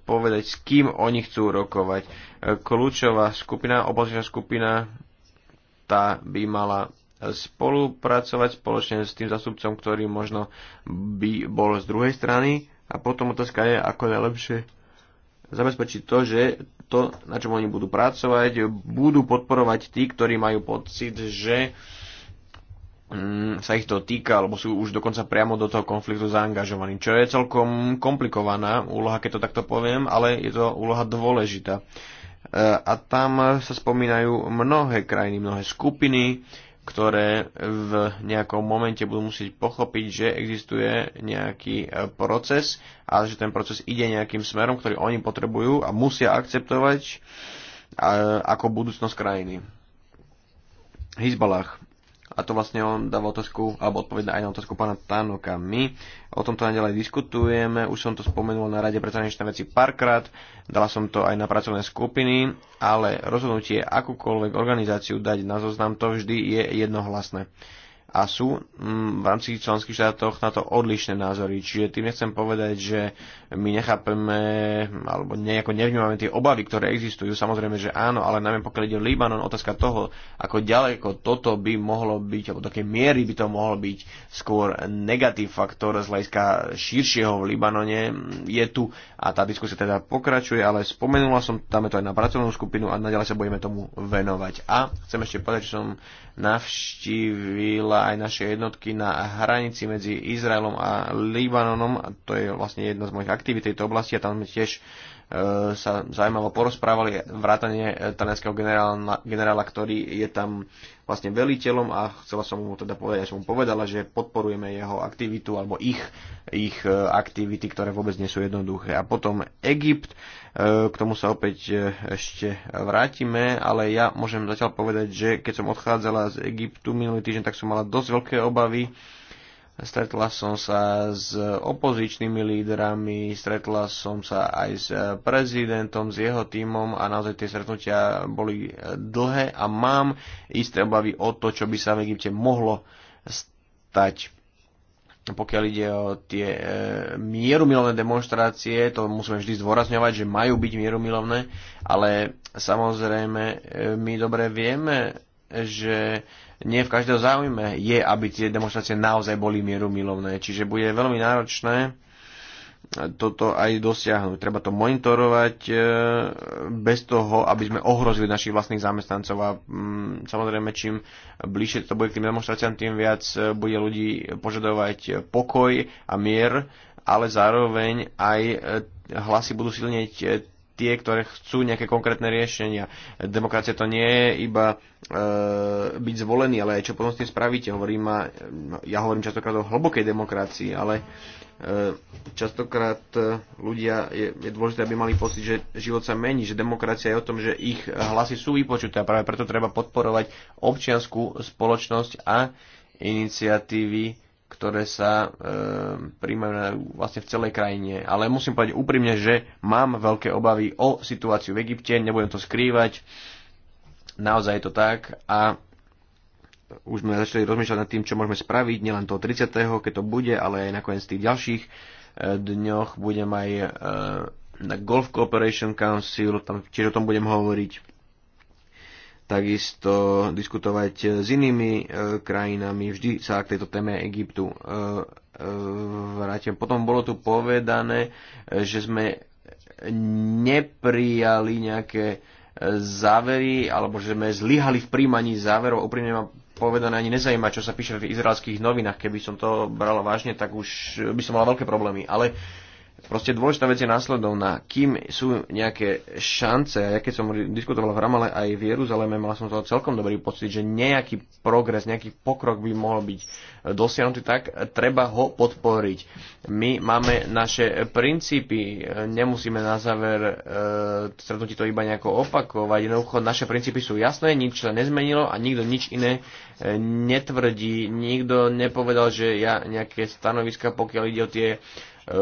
povedať, s kým oni chcú rokovať. E, kľúčová skupina, opozičná skupina, tá by mala spolupracovať spoločne s tým zastupcom, ktorý možno by bol z druhej strany. A potom otázka je, ako najlepšie zabezpečiť to, že to, na čom oni budú pracovať, budú podporovať tí, ktorí majú pocit, že uh, Mm, sa ich to týka, alebo sú už dokonca priamo do toho konfliktu zaangažovaní, čo je celkom komplikovaná úloha, keď to takto poviem, ale je to úloha dôležitá. E, a tam sa spomínajú mnohé krajiny, mnohé skupiny, ktoré v nejakom momente budú musieť pochopiť, že existuje nejaký e, proces a že ten proces ide nejakým smerom, ktorý oni potrebujú a musia akceptovať e, ako budúcnosť krajiny. Hizbalách a to vlastne on dáva otázku, alebo odpoveda aj na otázku pána Tanoka. My o tomto naďalej diskutujeme, už som to spomenul na Rade pre zahraničné veci párkrát, dala som to aj na pracovné skupiny, ale rozhodnutie akúkoľvek organizáciu dať na zoznam, to vždy je jednohlasné a sú mm, v rámci členských štátoch na to odlišné názory. Čiže tým nechcem povedať, že my nechápeme alebo nejako nevnímame tie obavy, ktoré existujú. Samozrejme, že áno, ale najmä pokiaľ ide Libanon, otázka toho, ako ďaleko toto by mohlo byť, alebo do miery by to mohol byť skôr negatív faktor z hľadiska širšieho v Libanone, je tu a tá diskusia teda pokračuje, ale spomenula som, dáme to aj na pracovnú skupinu a naďalej sa budeme tomu venovať. A chcem ešte povedať, že som navštívila aj naše jednotky na hranici medzi Izraelom a Libanonom. A to je vlastne jedna z mojich aktivít tejto oblasti a tam sme tiež e, sa zaujímavo porozprávali vrátanie e, talianského generála, generála, ktorý je tam vlastne veliteľom a chcela som mu teda povedať, že mu povedala, že podporujeme jeho aktivitu alebo ich, ich e, aktivity, ktoré vôbec nie sú jednoduché. A potom Egypt, k tomu sa opäť e, ešte vrátime, ale ja môžem zatiaľ povedať, že keď som odchádzala z Egyptu minulý týždeň, tak som mala dosť veľké obavy. Stretla som sa s opozičnými lídrami, stretla som sa aj s prezidentom, s jeho tímom a naozaj tie stretnutia boli dlhé a mám isté obavy o to, čo by sa v Egypte mohlo stať pokiaľ ide o tie e, mierumilovné demonstrácie, to musíme vždy zdôrazňovať, že majú byť mierumilovné, ale samozrejme e, my dobre vieme, že nie v každého záujme je, aby tie demonstrácie naozaj boli mierumilovné. Čiže bude veľmi náročné toto aj dosiahnuť. Treba to monitorovať e, bez toho, aby sme ohrozili našich vlastných zamestnancov a mm, samozrejme čím bližšie to bude k tým demonstráciám, tým viac e, bude ľudí požadovať pokoj a mier, ale zároveň aj e, hlasy budú silnieť tie, ktoré chcú nejaké konkrétne riešenia. Demokracia to nie je iba e, byť zvolený, ale aj čo potom s tým spravíte. Hovorím a, no, ja hovorím častokrát o hlbokej demokracii, ale e, častokrát e, ľudia je, je dôležité, aby mali pocit, že život sa mení, že demokracia je o tom, že ich hlasy sú vypočuté a práve preto treba podporovať občianskú spoločnosť a iniciatívy ktoré sa e, príjmajú vlastne v celej krajine. Ale musím povedať úprimne, že mám veľké obavy o situáciu v Egypte, nebudem to skrývať, naozaj je to tak a už sme začali rozmýšľať nad tým, čo môžeme spraviť, nielen toho 30., keď to bude, ale aj nakoniec v tých ďalších e, dňoch budem aj e, na Golf Cooperation Council, tam tiež o tom budem hovoriť takisto diskutovať eh, s inými eh, krajinami. Vždy sa k tejto téme Egyptu eh, vrátim. Potom bolo tu povedané, že sme neprijali nejaké závery, alebo že sme zlyhali v príjmaní záverov. Úprimne ma povedané ani nezajíma, čo sa píše v izraelských novinách. Keby som to bral vážne, tak už by som mal veľké problémy. Ale uh, Proste dôležitá vec je následovná. Kým sú nejaké šance, a ja keď som diskutoval v Ramale aj v Jeruzaleme, mal som to celkom dobrý pocit, že nejaký progres, nejaký pokrok by mohol byť dosiahnutý, tak treba ho podporiť. My máme naše princípy, nemusíme na záver e, stretnutí to iba nejako opakovať. Jednoducho naše princípy sú jasné, nič sa nezmenilo a nikto nič iné e, netvrdí. Nikto nepovedal, že ja nejaké stanoviska, pokiaľ ide o tie E,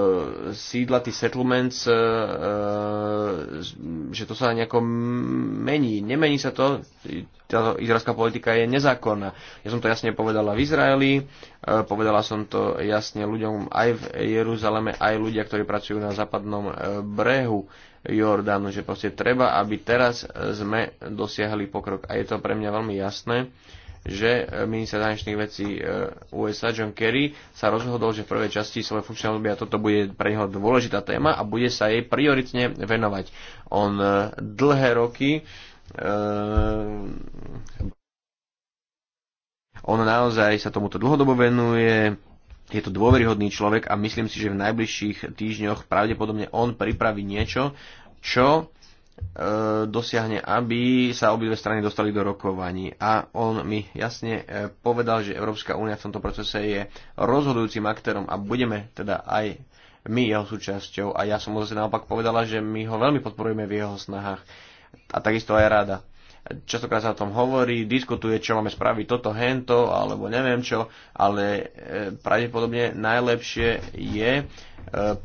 sídla, tí settlements, e, e, že to sa nejako mení. Nemení sa to, táto izraelská politika je nezákonná. Ja som to jasne povedala v Izraeli, povedala som to jasne ľuďom aj v Jeruzaleme, aj ľudia, ktorí pracujú na západnom brehu Jordánu, že proste treba, aby teraz sme dosiahli pokrok. A je to pre mňa veľmi jasné, že e, minister zahraničných vecí e, USA John Kerry sa rozhodol, že v prvej časti svojej funkčného obdobia toto bude pre neho dôležitá téma a bude sa jej prioritne venovať. On e, dlhé roky on naozaj sa tomuto dlhodobo venuje, je to dôveryhodný človek a myslím si, že v najbližších týždňoch pravdepodobne on pripraví niečo, čo E, dosiahne, aby sa obidve strany dostali do rokovaní. A on mi jasne e, povedal, že Európska únia v tomto procese je rozhodujúcim aktérom a budeme teda aj my jeho súčasťou. A ja som mu zase naopak povedala, že my ho veľmi podporujeme v jeho snahách. A takisto aj rada častokrát sa o tom hovorí, diskutuje, čo máme spraviť, toto, hento, alebo neviem čo, ale e, pravdepodobne najlepšie je e,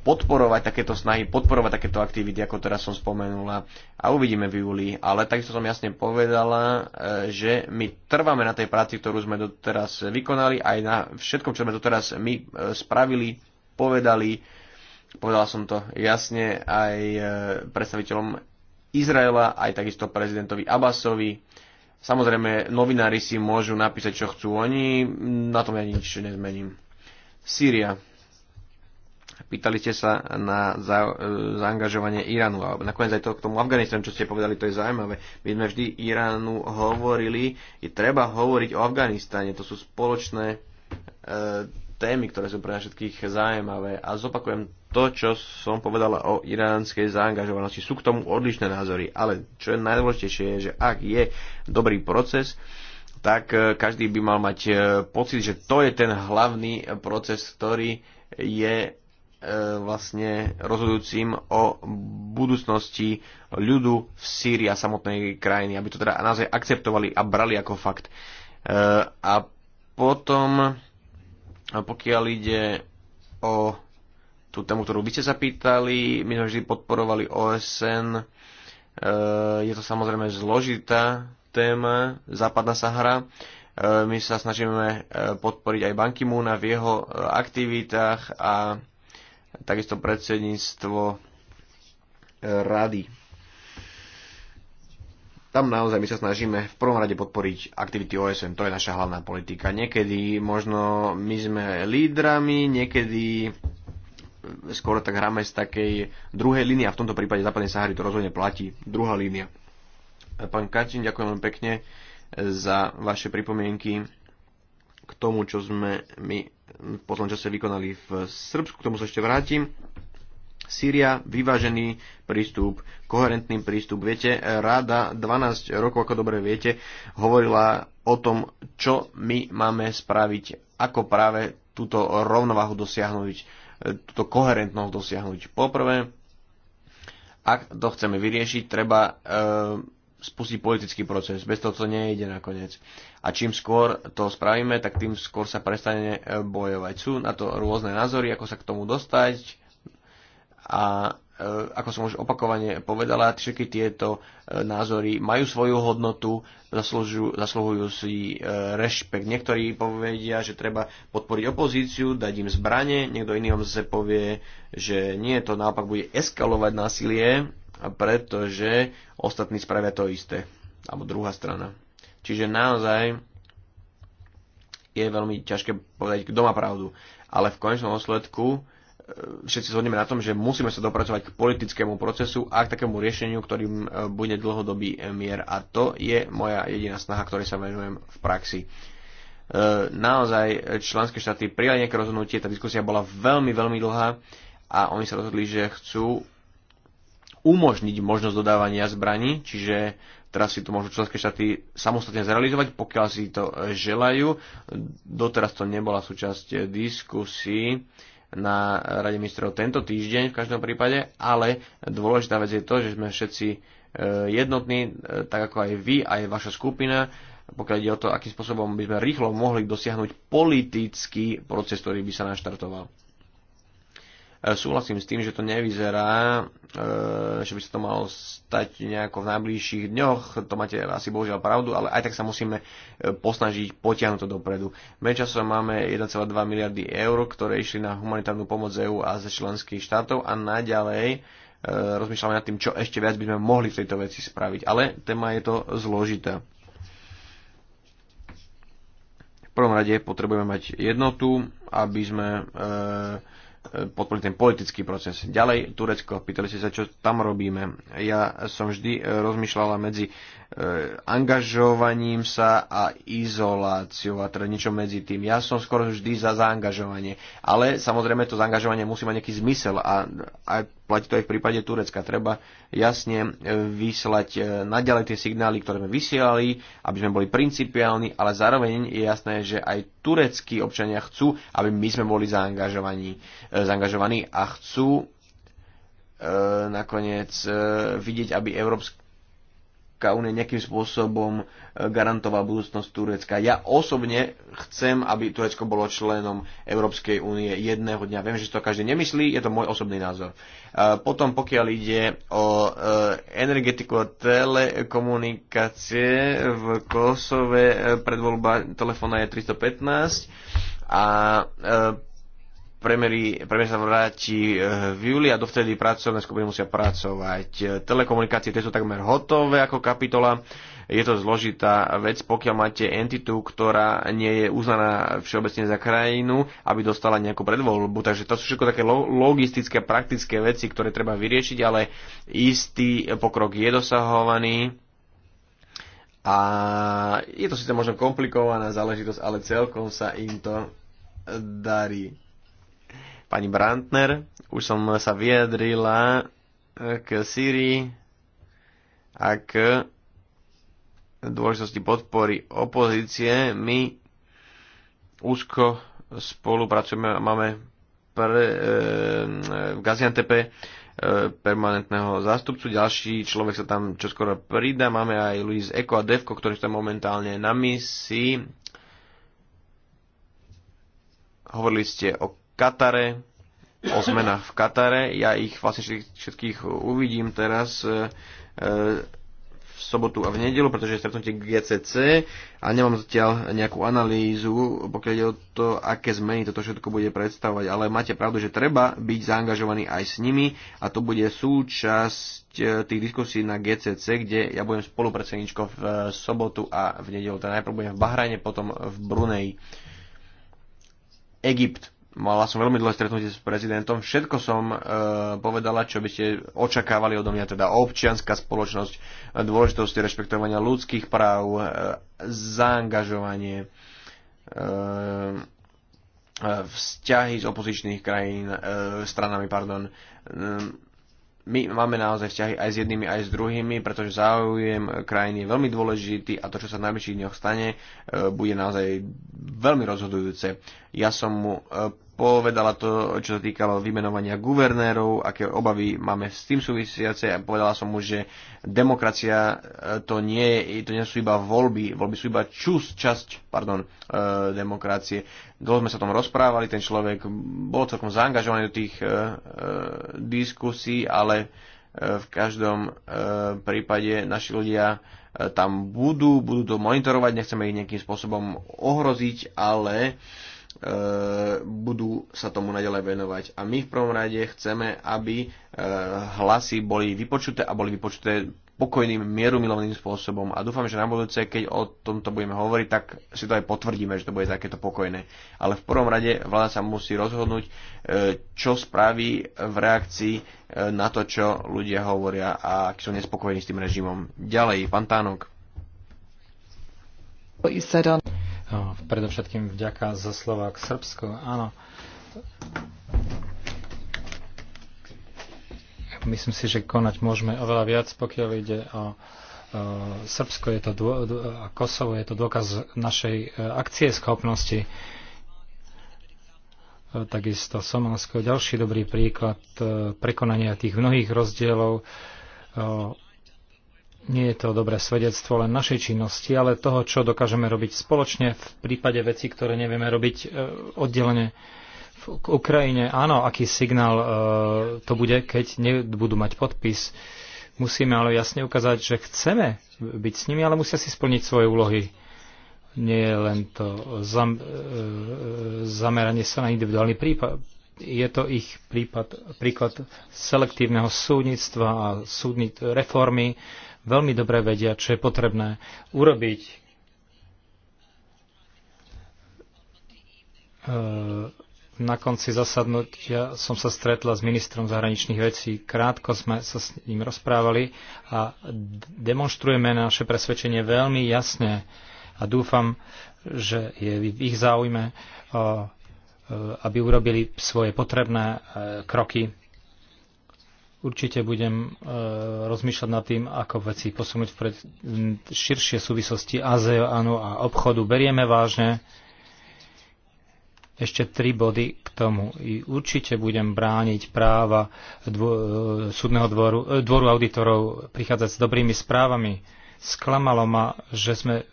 podporovať takéto snahy, podporovať takéto aktivity, ako teraz som spomenula a uvidíme v júli. Ale takisto som jasne povedala, e, že my trváme na tej práci, ktorú sme doteraz vykonali, aj na všetkom, čo sme doteraz my spravili, povedali, povedala som to jasne aj predstaviteľom Izraela, aj takisto prezidentovi Abbasovi. Samozrejme, novinári si môžu napísať, čo chcú oni, mm, na tom ja nič nezmením. Sýria. Pýtali ste sa na za, e, zaangažovanie Iránu a nakoniec aj to k tomu Afganistanu, čo ste povedali, to je zaujímavé. My sme vždy Iránu hovorili, je treba hovoriť o Afganistane, to sú spoločné e, témy, ktoré sú pre nás všetkých zaujímavé. A zopakujem to, čo som povedala o iránskej zaangažovanosti. Sú k tomu odlišné názory, ale čo je najdôležitejšie je, že ak je dobrý proces, tak e, každý by mal mať e, pocit, že to je ten hlavný proces, ktorý je e, vlastne rozhodujúcim o budúcnosti ľudu v Sýrii a samotnej krajiny, aby to teda naozaj akceptovali a brali ako fakt. A potom, pokiaľ ide o tú tému, ktorú by ste sa pýtali. My sme vždy podporovali OSN. E, je to samozrejme zložitá téma, západná Sahara. E, my sa snažíme e, podporiť aj Banky Múna v jeho aktivitách a takisto predsedníctvo rady. Tam naozaj my sa snažíme v prvom rade podporiť aktivity OSN, to je naša hlavná politika. Niekedy možno my sme lídrami, niekedy skôr tak hráme z takej druhej línie a v tomto prípade západnej Sahary to rozhodne platí. Druhá línia. E, pán Kačin, ďakujem veľmi pekne e, za vaše pripomienky k tomu, čo sme my v poslednom čase vykonali v Srbsku. K tomu sa ešte vrátim. Síria, vyvážený prístup, koherentný prístup. Viete, ráda 12 rokov, ako dobre viete, hovorila o tom, čo my máme spraviť, ako práve túto rovnováhu dosiahnuť túto koherentnosť dosiahnuť. Poprvé, ak to chceme vyriešiť, treba e, spustiť politický proces. Bez toho to nejde nakoniec. A čím skôr to spravíme, tak tým skôr sa prestane e, bojovať. Sú na to rôzne názory, ako sa k tomu dostať a E, ako som už opakovane povedala, všetky tieto e, názory majú svoju hodnotu, zaslúžujú, zaslúhujú si e, rešpekt. Niektorí povedia, že treba podporiť opozíciu, dať im zbranie, niekto iný vám zase povie, že nie, to naopak bude eskalovať násilie, pretože ostatní spravia to isté, alebo druhá strana. Čiže naozaj je veľmi ťažké povedať, kto má pravdu. Ale v konečnom osledku, E, všetci zhodneme na tom, že musíme sa dopracovať k politickému procesu a k takému riešeniu, ktorým e, bude dlhodobý e, mier. A to je moja jediná snaha, ktorej sa venujem v praxi. Naozaj členské štáty prijali nejaké rozhodnutie, tá diskusia bola veľmi, veľmi dlhá a oni sa rozhodli, že chcú umožniť možnosť dodávania zbraní, čiže teraz si to môžu členské štáty samostatne zrealizovať, pokiaľ si to želajú. Doteraz to nebola súčasť diskusí na Rade ministrov tento týždeň v každom prípade, ale dôležitá vec je to, že sme všetci e, jednotní, e, tak ako aj vy, aj vaša skupina, pokiaľ ide o to, akým spôsobom by sme rýchlo mohli dosiahnuť politický proces, ktorý by sa naštartoval. Súhlasím s tým, že to nevyzerá, eh, že by sa to malo stať nejako v najbližších dňoch, to máte asi bohužiaľ pravdu, ale aj tak sa musíme eh, posnažiť potiahnuť to dopredu. Medčasom máme 1,2 miliardy eur, ktoré išli na humanitárnu pomoc EÚ a ze členských štátov a naďalej eh, rozmýšľame nad tým, čo ešte viac by sme mohli v tejto veci spraviť. Ale téma je to zložitá. V prvom rade potrebujeme mať jednotu, aby sme e, podporiť ten politický proces. Ďalej, Turecko, pýtali ste sa, čo tam robíme. Ja som vždy e, rozmýšľala medzi E, angažovaním sa a izoláciou a teda niečo medzi tým. Ja som skoro vždy za zaangažovanie, ale samozrejme to zaangažovanie musí mať nejaký zmysel a, a platí to aj v prípade Turecka. Treba jasne e, vyslať e, naďalej tie signály, ktoré sme vysielali, aby sme boli principiálni, ale zároveň je jasné, že aj tureckí občania chcú, aby my sme boli zaangažovaní, zaangažovaní a chcú nakoniec vidieť, aby Európska Európska únia nejakým spôsobom e, garantovala budúcnosť Turecka. Ja osobne chcem, aby Turecko bolo členom Európskej únie jedného dňa. Viem, že to každý nemyslí, je to môj osobný názor. E, potom, pokiaľ ide o e, energetiku a telekomunikácie v Kosove, predvoľba telefóna je 315 a premery, premer sa vráti e, v júli a dovtedy pracovné skupiny musia pracovať. E, telekomunikácie tie sú takmer hotové ako kapitola. Je to zložitá vec, pokiaľ máte entitu, ktorá nie je uznaná všeobecne za krajinu, aby dostala nejakú predvoľbu. Takže to sú všetko také logistické, praktické veci, ktoré treba vyriešiť, ale istý pokrok je dosahovaný. A je to síce možno komplikovaná záležitosť, ale celkom sa im to darí. Pani Brantner, už som sa vyjadrila e, k Syrii a k dôležitosti podpory opozície. My úzko spolupracujeme a máme pre, e, e, v Gaziantepe e, permanentného zástupcu. Ďalší človek sa tam čoskoro pridá. Máme aj ľudí z Eko a Devko, ktorí sú tam momentálne na misii. Hovorili ste o Katare, o zmenách v Katare. Ja ich vlastne všetkých uvidím teraz e, e, v sobotu a v nedelu, pretože je stretnutie GCC a nemám zatiaľ nejakú analýzu, pokiaľ ide o to, aké zmeny toto všetko bude predstavovať. Ale máte pravdu, že treba byť zaangažovaný aj s nimi a to bude súčasť e, tých diskusí na GCC, kde ja budem spolupredsedničko v sobotu a v nedelu. Teda najprv budem v Bahrajne, potom v Brunei. Egypt. Mala som veľmi dlhé stretnutie s prezidentom. Všetko som e, povedala, čo by ste očakávali odo mňa, teda občianská spoločnosť, dôležitosti rešpektovania ľudských práv, e, zaangažovanie, e, e vzťahy z opozičných krajín, e, stranami, pardon. E, my máme naozaj vzťahy aj s jednými, aj s druhými, pretože záujem krajiny je veľmi dôležitý a to, čo sa v najbližších dňoch stane, e, bude naozaj veľmi rozhodujúce. Ja som mu e, povedala to, čo sa týkalo vymenovania guvernérov, aké obavy máme s tým súvisiace a povedala som mu, že demokracia e, to nie, to nie sú iba voľby, voľby sú iba čus, časť pardon, e, demokracie. Dlho sme sa o tom rozprávali, ten človek bol celkom zaangažovaný do tých e, e, diskusí, ale e, v každom e, prípade naši ľudia tam budú, budú to monitorovať, nechceme ich nejakým spôsobom ohroziť, ale e, E, budú sa tomu naďalej venovať. A my v prvom rade chceme, aby e, hlasy boli vypočuté a boli vypočuté pokojným, mierumilovným spôsobom. A dúfam, že na budúce, keď o tomto budeme hovoriť, tak si to aj potvrdíme, že to bude takéto pokojné. Ale v prvom rade vláda sa musí rozhodnúť, e, čo spraví v reakcii na to, čo ľudia hovoria a ak sú nespokojní s tým režimom. Ďalej, pán Tánok. No, predovšetkým vďaka za slova k Srbsku. Áno. Myslím si, že konať môžeme oveľa viac, pokiaľ ide o Srbsko je to dô, a Kosovo je to dôkaz našej e, akcie schopnosti. E, takisto Somálsko je ďalší dobrý príklad e, prekonania tých mnohých rozdielov nie je to dobré svedectvo len našej činnosti, ale toho, čo dokážeme robiť spoločne v prípade veci, ktoré nevieme robiť e, oddelene v Ukrajine. Áno, aký signál e, to bude, keď nebudú mať podpis. Musíme ale jasne ukázať, že chceme byť s nimi, ale musia si splniť svoje úlohy nie je len to zam, e, zameranie sa na individuálny prípad. Je to ich prípad, príklad selektívneho súdnictva a súdny, reformy veľmi dobre vedia, čo je potrebné urobiť. Ehm, na konci zasadnutia som sa stretla s ministrom zahraničných vecí. Krátko sme sa s ním rozprávali a demonstrujeme naše presvedčenie veľmi jasne a dúfam, že je v ich záujme, eh, eh, aby urobili svoje potrebné eh, kroky Určite budem e, rozmýšľať nad tým, ako veci posunúť v pred, širšie súvislosti ASEANu a obchodu. Berieme vážne ešte tri body k tomu. I určite budem brániť práva dvo, e, súdneho dvoru, e, dvoru auditorov prichádzať s dobrými správami. Sklamalo ma, že sme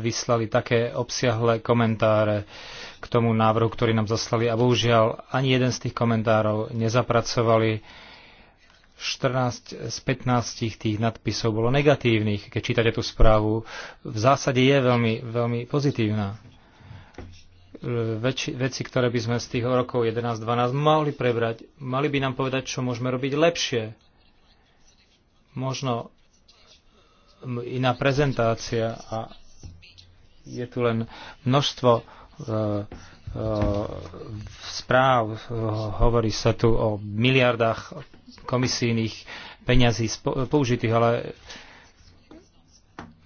vyslali také obsiahle komentáre k tomu návrhu, ktorý nám zaslali a bohužiaľ ani jeden z tých komentárov nezapracovali 14 z 15 tých nadpisov bolo negatívnych. Keď čítate tú správu, v zásade je veľmi, veľmi pozitívna. Veci, veci, ktoré by sme z tých rokov 11-12 mohli prebrať, mali by nám povedať, čo môžeme robiť lepšie. Možno iná prezentácia a je tu len množstvo e, e, správ, e, hovorí sa tu o miliardách komisijných peňazí použitých, ale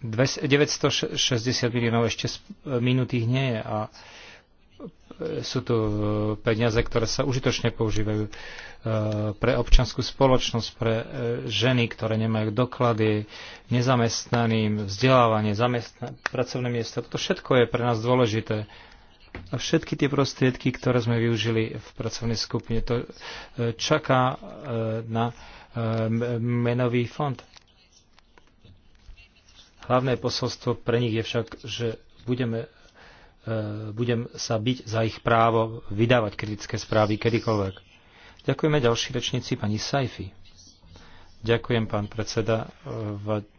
960 miliónov ešte minutých nie je a sú tu e, peniaze, ktoré sa užitočne používajú e, pre občanskú spoločnosť, pre e, ženy, ktoré nemajú doklady, nezamestnaným, vzdelávanie, zamestna- pracovné miesta. Toto všetko je pre nás dôležité a všetky tie prostriedky, ktoré sme využili v pracovnej skupine, to e, čaká e, na e, menový fond. Hlavné posolstvo pre nich je však, že budeme, budem sa byť za ich právo vydávať kritické správy kedykoľvek. Ďakujeme ďalší rečníci pani Saifi. Ďakujem, pán predseda,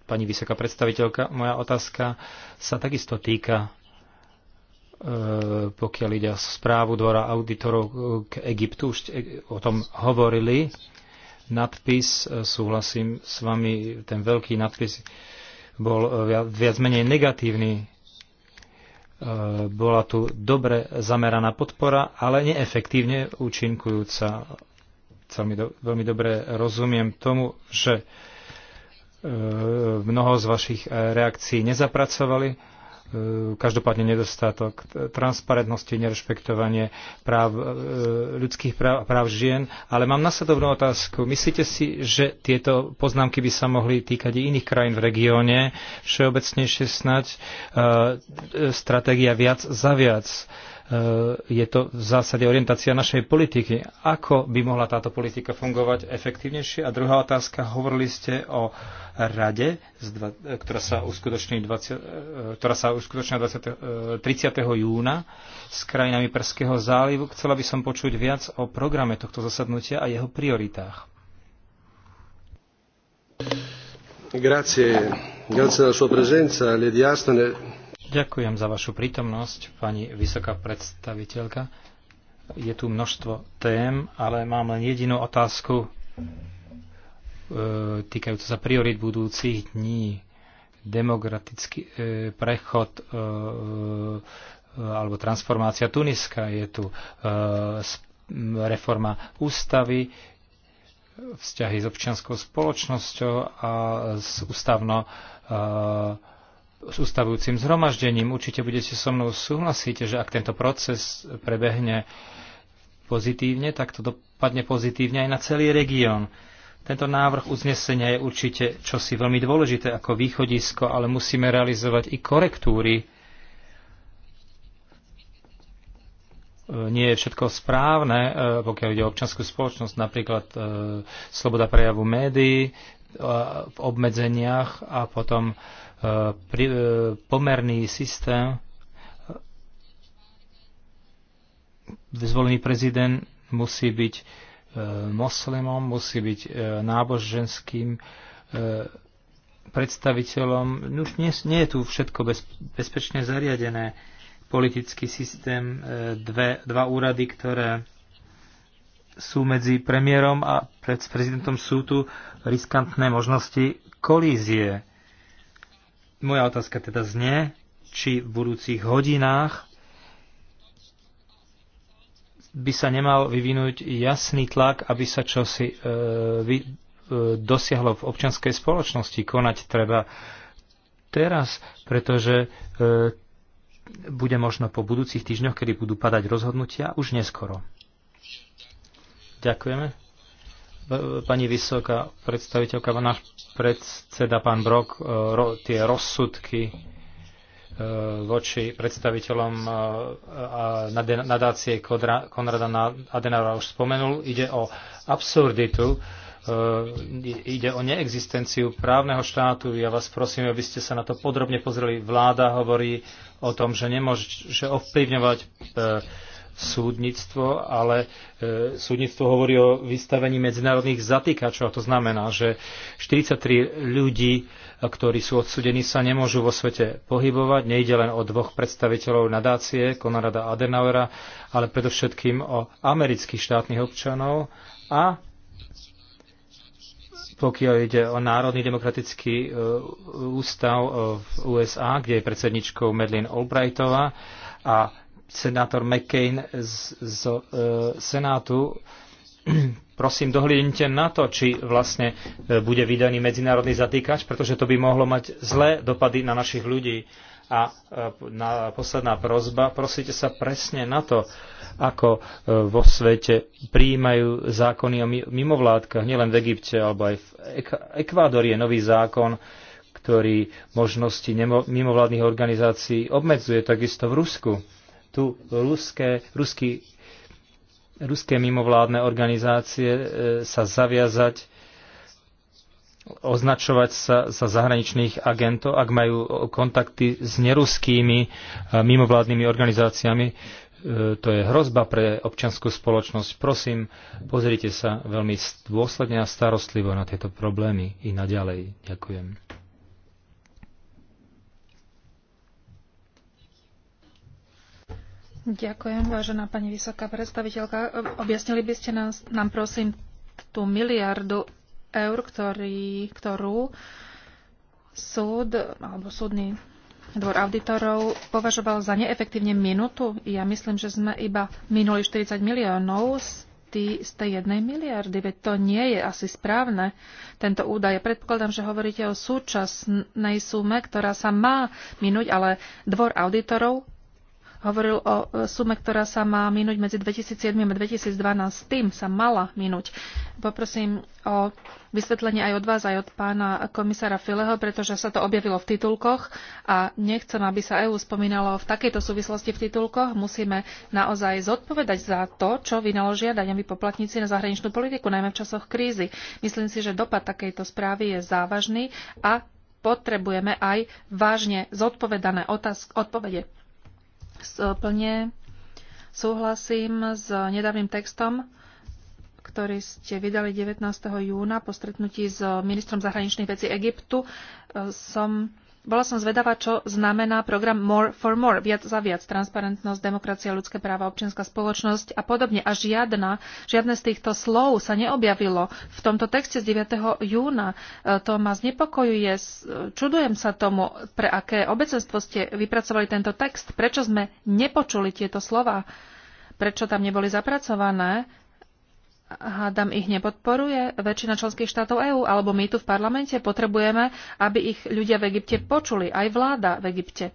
pani vysoká predstaviteľka. Moja otázka sa takisto týka E, pokiaľ ide o správu dvora auditorov e, k Egyptu, už e, o tom hovorili. Nadpis, súhlasím s vami, ten veľký nadpis bol viac menej negatívny. Bola tu dobre zameraná podpora, ale neefektívne účinkujúca. Veľmi, do, veľmi dobre rozumiem tomu, že mnoho z vašich reakcií nezapracovali E, každopádne nedostatok transparentnosti, nerešpektovanie práv, e, ľudských práv, a práv žien. Ale mám nasledovnú otázku. Myslíte si, že tieto poznámky by sa mohli týkať i iných krajín v regióne? Všeobecnejšie snať e, stratégia viac za viac. Uh, Eh, je to v zásade orientácia našej politiky. Ako by mohla táto politika fungovať efektívnejšie? A druhá otázka, hovorili ste o rade, eh, ktorá sa uskutoční 20, eh, ktorá sa 20, 30. júna s krajinami Perského zálivu. Chcela by som počuť viac o programe tohto zasadnutia a jeho prioritách. Grazie, grazie alla sua presenza, Lady Astone. Ďakujem za vašu prítomnosť, pani vysoká predstaviteľka. Je tu množstvo tém, ale mám len jedinú otázku e, týkajúcu sa priorit budúcich dní. Demokratický e, prechod e, alebo transformácia Tuniska je tu reforma ústavy, vzťahy s občianskou spoločnosťou a s ústavno s ustavujúcim zhromaždením. Určite budete so mnou súhlasiť, že ak tento proces prebehne pozitívne, tak to dopadne pozitívne aj na celý región. Tento návrh uznesenia je určite čosi veľmi dôležité ako východisko, ale musíme realizovať i korektúry. Nie je všetko správne, e, pokiaľ ide o občanskú spoločnosť, napríklad e, sloboda prejavu médií, e, v obmedzeniach a potom E, pomerný systém. Zvolený prezident musí byť e, moslimom, musí byť e, náboženským predstaviteľom. No už nie, nie je tu všetko bez, bezpečne zariadené. Politický systém, dve, dva úrady, ktoré sú medzi premiérom a pred prezidentom sú tu riskantné možnosti kolízie moja otázka teda znie, či v budúcich hodinách by sa nemal vyvinúť jasný tlak, aby sa čosi e, vy, e, dosiahlo v občianskej spoločnosti. Konať treba teraz, pretože e, bude možno po budúcich týždňoch, kedy budú padať rozhodnutia, už neskoro. Ďakujeme pani vysoká predstaviteľka, náš predseda, pán Brok, e, ro, tie rozsudky e, voči predstaviteľom e, nadácie Konrada Adenauera už spomenul. Ide o absurditu, ide o neexistenciu právneho štátu. Ja vás prosím, aby ste sa na to podrobne pozreli. Vláda hovorí o tom, že nemôže ovplyvňovať súdnictvo, ale e, súdnictvo hovorí o vystavení medzinárodných zatýkačov. To znamená, že 43 ľudí, ktorí sú odsudení, sa nemôžu vo svete pohybovať. Nejde len o dvoch predstaviteľov nadácie, Konrada Adenauera, ale predovšetkým o amerických štátnych občanov a pokiaľ ide o Národný demokratický e, ústav e, v USA, kde je predsedničkou Medlin Albrightová a senátor McCain z, z e, Senátu. Prosím, dohliadnite na to, či vlastne e, bude vydaný medzinárodný zatýkač, pretože to by mohlo mať zlé dopady na našich ľudí. A e, na posledná prozba, prosíte sa presne na to, ako e, vo svete prijímajú zákony o mimovládkach, nielen v Egypte, alebo aj v Ekvádor je nový zákon, ktorý možnosti mimovládnych organizácií obmedzuje, takisto v Rusku tu ruské, ruský, ruské mimovládne organizácie e, sa zaviazať označovať sa za zahraničných agentov, ak majú kontakty s neruskými e, mimovládnymi organizáciami. E, to je hrozba pre občianskú spoločnosť. Prosím, pozrite sa veľmi dôsledne a starostlivo na tieto problémy i naďalej. Ďakujem. Ďakujem, vážená pani vysoká predstaviteľka. Objasnili by ste nám, nám prosím tú miliardu eur, ktorý, ktorú súd alebo súdny dvor auditorov považoval za neefektívne minutu. Ja myslím, že sme iba minuli 40 miliónov z, tý, z tej jednej miliardy, veď to nie je asi správne, tento údaj. Predpokladám, že hovoríte o súčasnej sume, ktorá sa má minúť, ale dvor auditorov hovoril o e, sume, ktorá sa má minúť medzi 2007 a 2012. S tým sa mala minúť. Poprosím o vysvetlenie aj od vás, aj od pána komisára Fileho, pretože sa to objavilo v titulkoch a nechcem, aby sa EU spomínalo v takejto súvislosti v titulkoch. Musíme naozaj zodpovedať za to, čo vynaložia daňoví poplatníci na zahraničnú politiku, najmä v časoch krízy. Myslím si, že dopad takejto správy je závažný a potrebujeme aj vážne zodpovedané otázky odpovede. Plne súhlasím s nedávnym textom, ktorý ste vydali 19. júna po stretnutí s ministrom zahraničných vecí Egyptu. E, som bola som zvedavá, čo znamená program More for More, viac za viac, transparentnosť, demokracia, ľudské práva, občianská spoločnosť a podobne. A žiadna, žiadne z týchto slov sa neobjavilo v tomto texte z 9. júna. E, to ma znepokojuje, e, čudujem sa tomu, pre aké obecenstvo ste vypracovali tento text, prečo sme nepočuli tieto slova, prečo tam neboli zapracované hádam, ich nepodporuje väčšina členských štátov EÚ, alebo my tu v parlamente potrebujeme, aby ich ľudia v Egypte počuli, aj vláda v Egypte.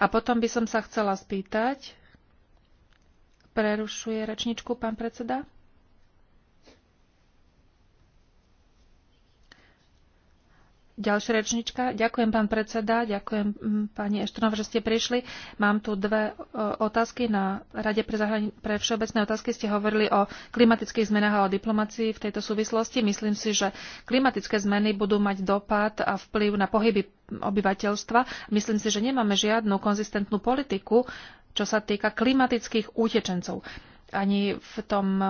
A potom by som sa chcela spýtať, prerušuje rečničku pán predseda. Ďalšia rečnička. Ďakujem, pán predseda. Ďakujem, mm, pani Eštonova, že ste prišli. Mám tu dve e, otázky. Na Rade pre, zahrani- pre všeobecné otázky ste hovorili o klimatických zmenách a o diplomácii v tejto súvislosti. Myslím si, že klimatické zmeny budú mať dopad a vplyv na pohyby obyvateľstva. Myslím si, že nemáme žiadnu konzistentnú politiku, čo sa týka klimatických utečencov. Ani v tom e,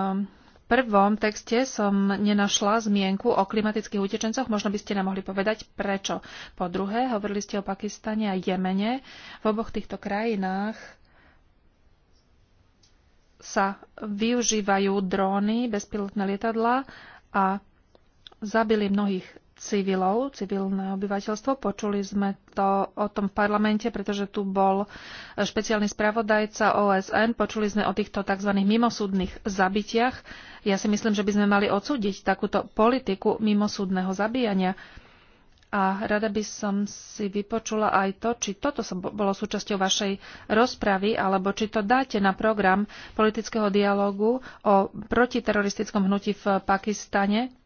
prvom texte som nenašla zmienku o klimatických utečencoch. Možno by ste nám mohli povedať prečo. Po druhé, hovorili ste o Pakistane a Jemene. V oboch týchto krajinách sa využívajú dróny, bezpilotné lietadla a zabili mnohých civilov, civilné obyvateľstvo. Počuli sme to o tom v parlamente, pretože tu bol špeciálny spravodajca OSN. Počuli sme o týchto tzv. mimosúdnych zabitiach. Ja si myslím, že by sme mali odsúdiť takúto politiku mimosúdneho zabíjania. A rada by som si vypočula aj to, či toto som bolo súčasťou vašej rozpravy, alebo či to dáte na program politického dialogu o protiteroristickom hnutí v Pakistane,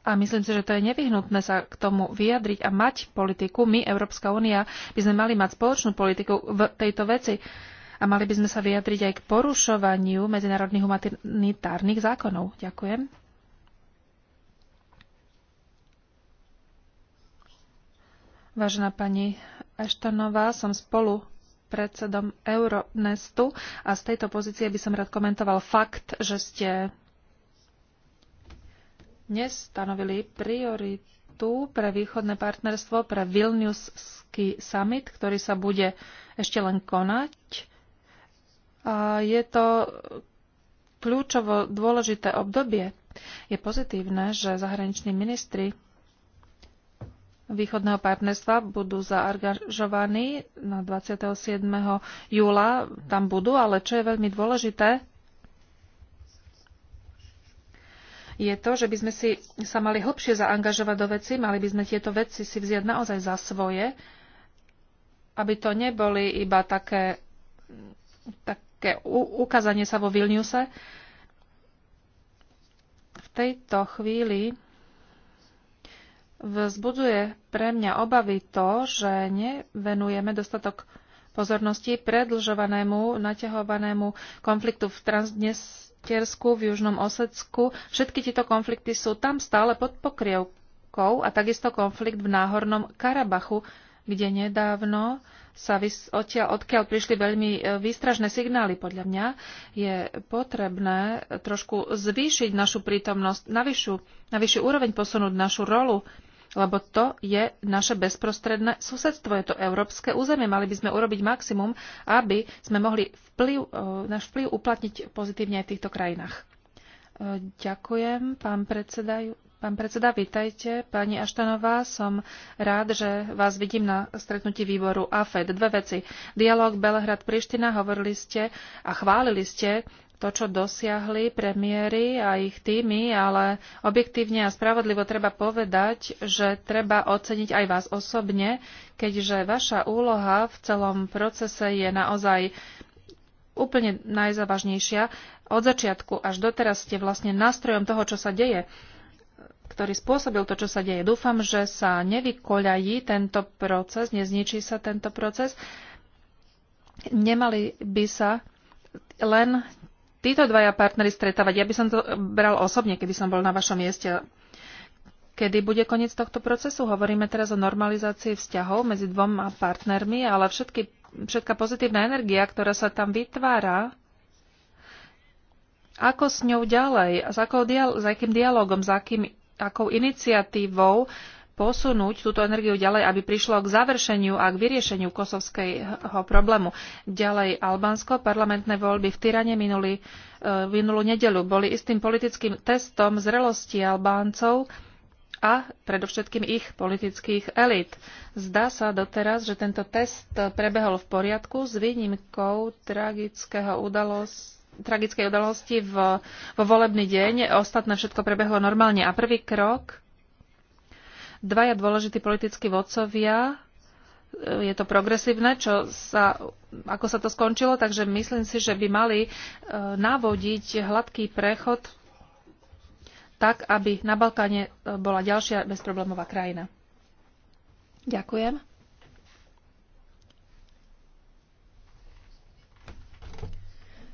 a myslím si, že to je nevyhnutné sa k tomu vyjadriť a mať politiku. My, Európska únia, by sme mali mať spoločnú politiku v tejto veci a mali by sme sa vyjadriť aj k porušovaniu medzinárodných humanitárnych zákonov. Ďakujem. Vážená pani Eštanová, som spolu predsedom Euronestu a z tejto pozície by som rád komentoval fakt, že ste nestanovili prioritu pre východné partnerstvo pre Vilniusský summit, ktorý sa bude ešte len konať. A je to kľúčovo dôležité obdobie. Je pozitívne, že zahraniční ministri východného partnerstva budú zaangažovaní na 27. júla. Tam budú, ale čo je veľmi dôležité, je to, že by sme si sa mali hlbšie zaangažovať do veci, mali by sme tieto veci si vziať naozaj za svoje, aby to neboli iba také, také ukázanie sa vo Vilniuse. V tejto chvíli vzbudzuje pre mňa obavy to, že nevenujeme dostatok pozornosti predlžovanému, naťahovanému konfliktu v Transdnes Tersku, v Južnom Osecku. Všetky tieto konflikty sú tam stále pod pokrievkou a takisto konflikt v Náhornom Karabachu, kde nedávno sa vys- odtiaľ, odkiaľ prišli veľmi e, výstražné signály. Podľa mňa je potrebné trošku zvýšiť našu prítomnosť, na vyššiu, na vyššiu úroveň posunúť našu rolu lebo to je naše bezprostredné susedstvo, je to európske územie. Mali by sme urobiť maximum, aby sme mohli vplyv, e, náš vplyv uplatniť pozitívne aj v týchto krajinách. E, ďakujem, pán predseda. Pán predseda, vítajte. Pani Aštanová, som rád, že vás vidím na stretnutí výboru AFED. Dve veci. Dialóg Belehrad-Priština, hovorili ste a chválili ste to, čo dosiahli premiéry a ich týmy, ale objektívne a spravodlivo treba povedať, že treba oceniť aj vás osobne, keďže vaša úloha v celom procese je naozaj úplne najzávažnejšia. Od začiatku až doteraz ste vlastne nástrojom toho, čo sa deje ktorý spôsobil to, čo sa deje. Dúfam, že sa nevykoľají tento proces, nezničí sa tento proces. Nemali by sa len títo dvaja partnery stretávať. Ja by som to bral osobne, keby som bol na vašom mieste. Kedy bude koniec tohto procesu? Hovoríme teraz o normalizácii vzťahov medzi dvoma partnermi, ale všetky, všetká pozitívna energia, ktorá sa tam vytvára, ako s ňou ďalej, s, akou dial- s akým dialogom, s akým, akou iniciatívou uh, posunúť túto energiu ďalej, aby prišlo k završeniu a k vyriešeniu kosovského problému. Ďalej Albánsko, parlamentné voľby v Tyrane minulý, e, minulú nedelu boli istým politickým testom zrelosti Albáncov a predovšetkým ich politických elit. Zdá sa doteraz, že tento test prebehol v poriadku s výnimkou tragického udalosti tragickej udalosti v, vo volebný deň. Ostatné všetko prebehlo normálne. A prvý krok dvaja dôležití politickí vodcovia. E, je to progresívne, čo sa, ako sa to skončilo, takže myslím si, že by mali e, navodiť hladký prechod tak, aby na Balkáne e, bola ďalšia bezproblémová krajina. Ďakujem.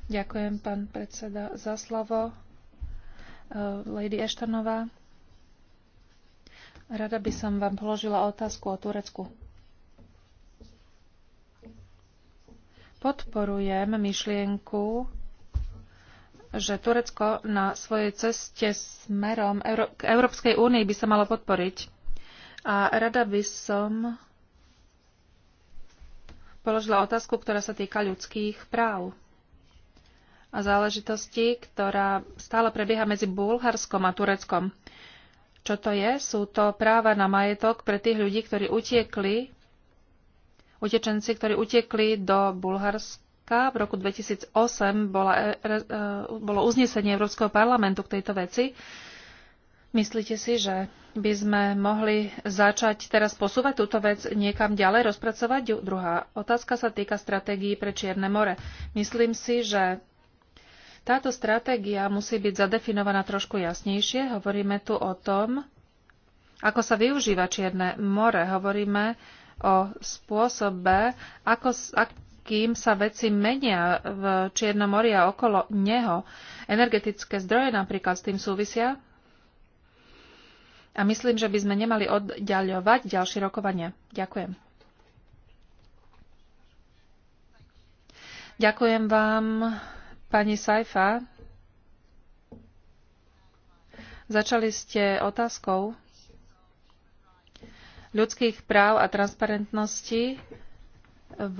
Ďakujem, pán predseda, za slovo. Lady Eštanová. Rada by som vám položila otázku o Turecku. Podporujem myšlienku, že Turecko na svojej ceste smerom k Európskej únii by sa malo podporiť. A rada by som položila otázku, ktorá sa týka ľudských práv a záležitosti, ktorá stále prebieha medzi Bulharskom a Tureckom. Čo to je? Sú to práva na majetok pre tých ľudí, ktorí utiekli, utečenci, ktorí utekli do Bulharska. V roku 2008 bola, e, e, bolo uznesenie Európskeho parlamentu k tejto veci. Myslíte si, že by sme mohli začať teraz posúvať túto vec niekam ďalej, rozpracovať ju? Druhá otázka sa týka stratégií pre Čierne more. Myslím si, že táto stratégia musí byť zadefinovaná trošku jasnejšie. Hovoríme tu o tom, ako sa využíva Čierne more. Hovoríme o spôsobe, ako, akým sa veci menia v Čiernom mori a okolo neho. Energetické zdroje napríklad s tým súvisia. A myslím, že by sme nemali oddiaľovať ďalšie rokovania. Ďakujem. Ďakujem vám. Pani Sajfa, začali ste otázkou ľudských práv a transparentnosti v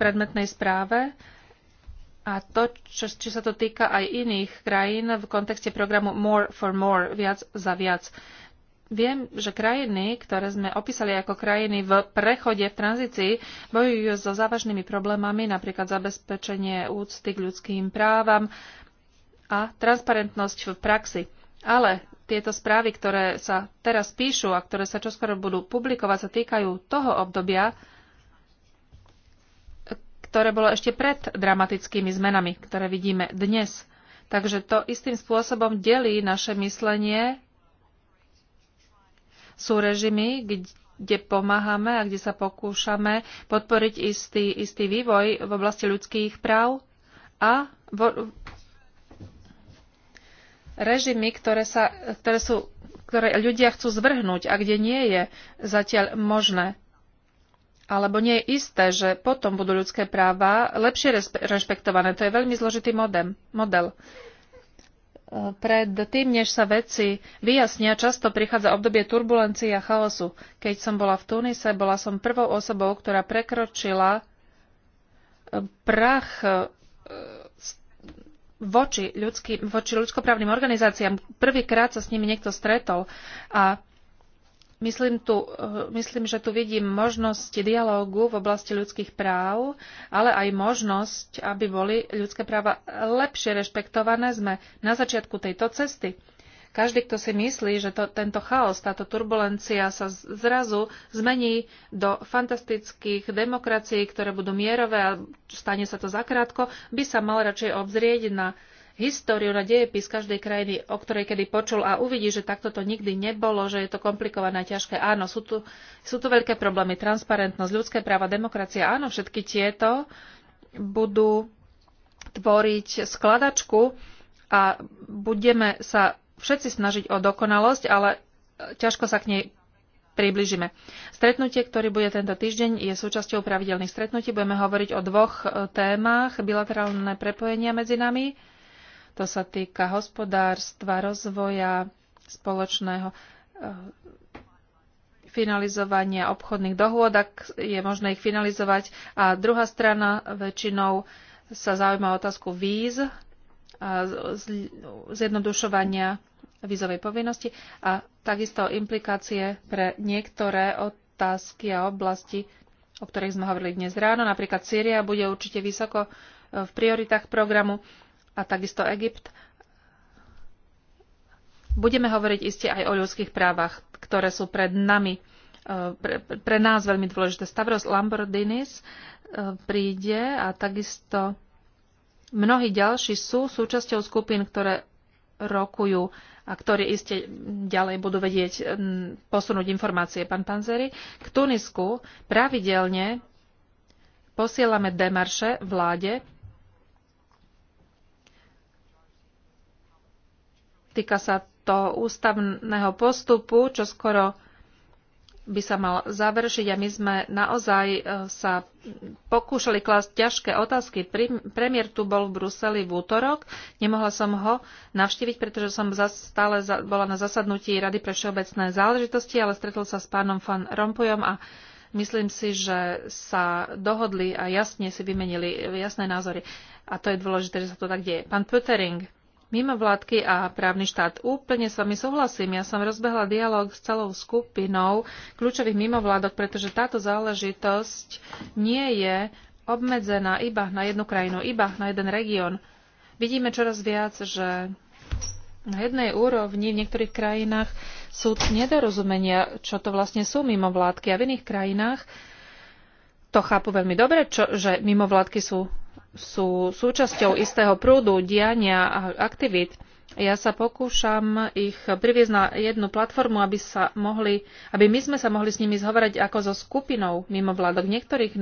predmetnej správe a to, čo, či sa to týka aj iných krajín v kontexte programu More for More, viac za viac. Uh, Viem, že krajiny, ktoré sme opísali ako krajiny v prechode, v tranzícii, bojujú so závažnými problémami, napríklad zabezpečenie úcty k ľudským právam a transparentnosť v praxi. Ale tieto správy, ktoré sa teraz píšu a ktoré sa čoskoro budú publikovať, sa týkajú toho obdobia, ktoré bolo ešte pred dramatickými zmenami, ktoré vidíme dnes. Takže to istým spôsobom delí naše myslenie sú režimy, kde pomáhame a kde sa pokúšame podporiť istý, istý vývoj v oblasti ľudských práv a vo, režimy, ktoré, sa, ktoré, sú, ktoré ľudia chcú zvrhnúť a kde nie je zatiaľ možné alebo nie je isté, že potom budú ľudské práva lepšie rešpektované. To je veľmi zložitý model. model pred tým, než sa veci vyjasnia, často prichádza obdobie turbulencií a chaosu. Keď som bola v Tunise, bola som prvou osobou, ktorá prekročila e, prach e, voči, ľudský, voči ľudskoprávnym organizáciám. Prvýkrát sa s nimi niekto stretol a Myslím, tu, eh, myslím, že tu vidím možnosť dialógu v oblasti ľudských práv, ale aj možnosť, aby boli ľudské práva lepšie rešpektované. Sme na začiatku tejto cesty. Každý, kto si myslí, že to, tento chaos, táto turbulencia sa zrazu zmení do fantastických demokracií, ktoré budú mierové a stane sa to zakrátko, by sa mal radšej obzrieť na históriu, na dejepis každej krajiny, o ktorej kedy počul a uvidí, že takto to nikdy nebolo, že je to komplikované a ťažké. Áno, sú tu, sú tu veľké problémy. Transparentnosť, ľudské práva, demokracia. Áno, všetky tieto budú tvoriť skladačku a budeme sa všetci snažiť o dokonalosť, ale ťažko sa k nej približíme. Stretnutie, ktoré bude tento týždeň, je súčasťou pravidelných stretnutí. Budeme hovoriť o dvoch e, témach, bilaterálne prepojenia medzi nami to sa týka hospodárstva, rozvoja spoločného eh, finalizovania obchodných dohôd, ak je možné ich finalizovať. A druhá strana väčšinou sa zaujíma o otázku víz a zjednodušovania vízovej povinnosti a takisto implikácie pre niektoré otázky a oblasti, o ktorých sme hovorili dnes ráno. Napríklad Sýria bude určite vysoko eh, v prioritách programu a takisto Egypt. Budeme hovoriť iste aj o ľudských právach, ktoré sú pred nami, e, pre, pre nás veľmi dôležité. Stavros Lambordinis e, príde a takisto mnohí ďalší sú súčasťou skupín, ktoré rokujú a ktorí iste ďalej budú vedieť posunúť informácie. Pán Panzeri, k Tunisku pravidelne posielame demarše vláde Týka sa to ústavného postupu, čo skoro by sa mal završiť a my sme naozaj e, sa pokúšali klásť ťažké otázky. Premiér tu bol v Bruseli v útorok, nemohla som ho navštíviť, pretože som stále bola na zasadnutí Rady pre všeobecné záležitosti, ale stretol sa s pánom Van Rompuyom a myslím si, že sa dohodli a jasne si vymenili jasné názory. A to je dôležité, že sa to tak deje. Pán Pötering. Mimo vládky a právny štát. Úplne s vami súhlasím. Ja som rozbehla dialog s celou skupinou kľúčových mimovládok, pretože táto záležitosť nie je obmedzená iba na jednu krajinu, iba na jeden región. Vidíme čoraz viac, že na jednej úrovni v niektorých krajinách sú nedorozumenia, čo to vlastne sú mimovládky a v iných krajinách to chápu veľmi dobre, čo, že mimovládky sú sú súčasťou istého prúdu diania a aktivít. Ja sa pokúšam ich priviesť na jednu platformu, aby, sa mohli, aby my sme sa mohli s nimi zhovorať ako so skupinou mimo vládok. V niektorých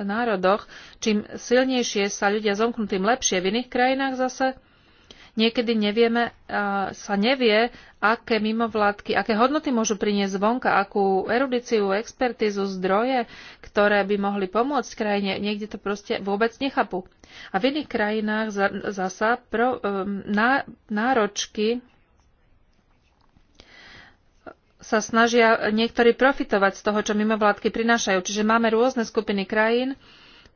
národoch, čím silnejšie sa ľudia zomknú, tým lepšie. V iných krajinách zase niekedy nevieme, eh, sa nevie, aké mimovládky, aké hodnoty môžu priniesť zvonka, akú erudiciu, expertízu, zdroje, ktoré by mohli pomôcť krajine. Niekde to proste vôbec nechápu. A v iných krajinách zasa pro, eh, ná, náročky sa snažia niektorí profitovať z toho, čo mimovládky prinášajú. Čiže máme rôzne skupiny krajín,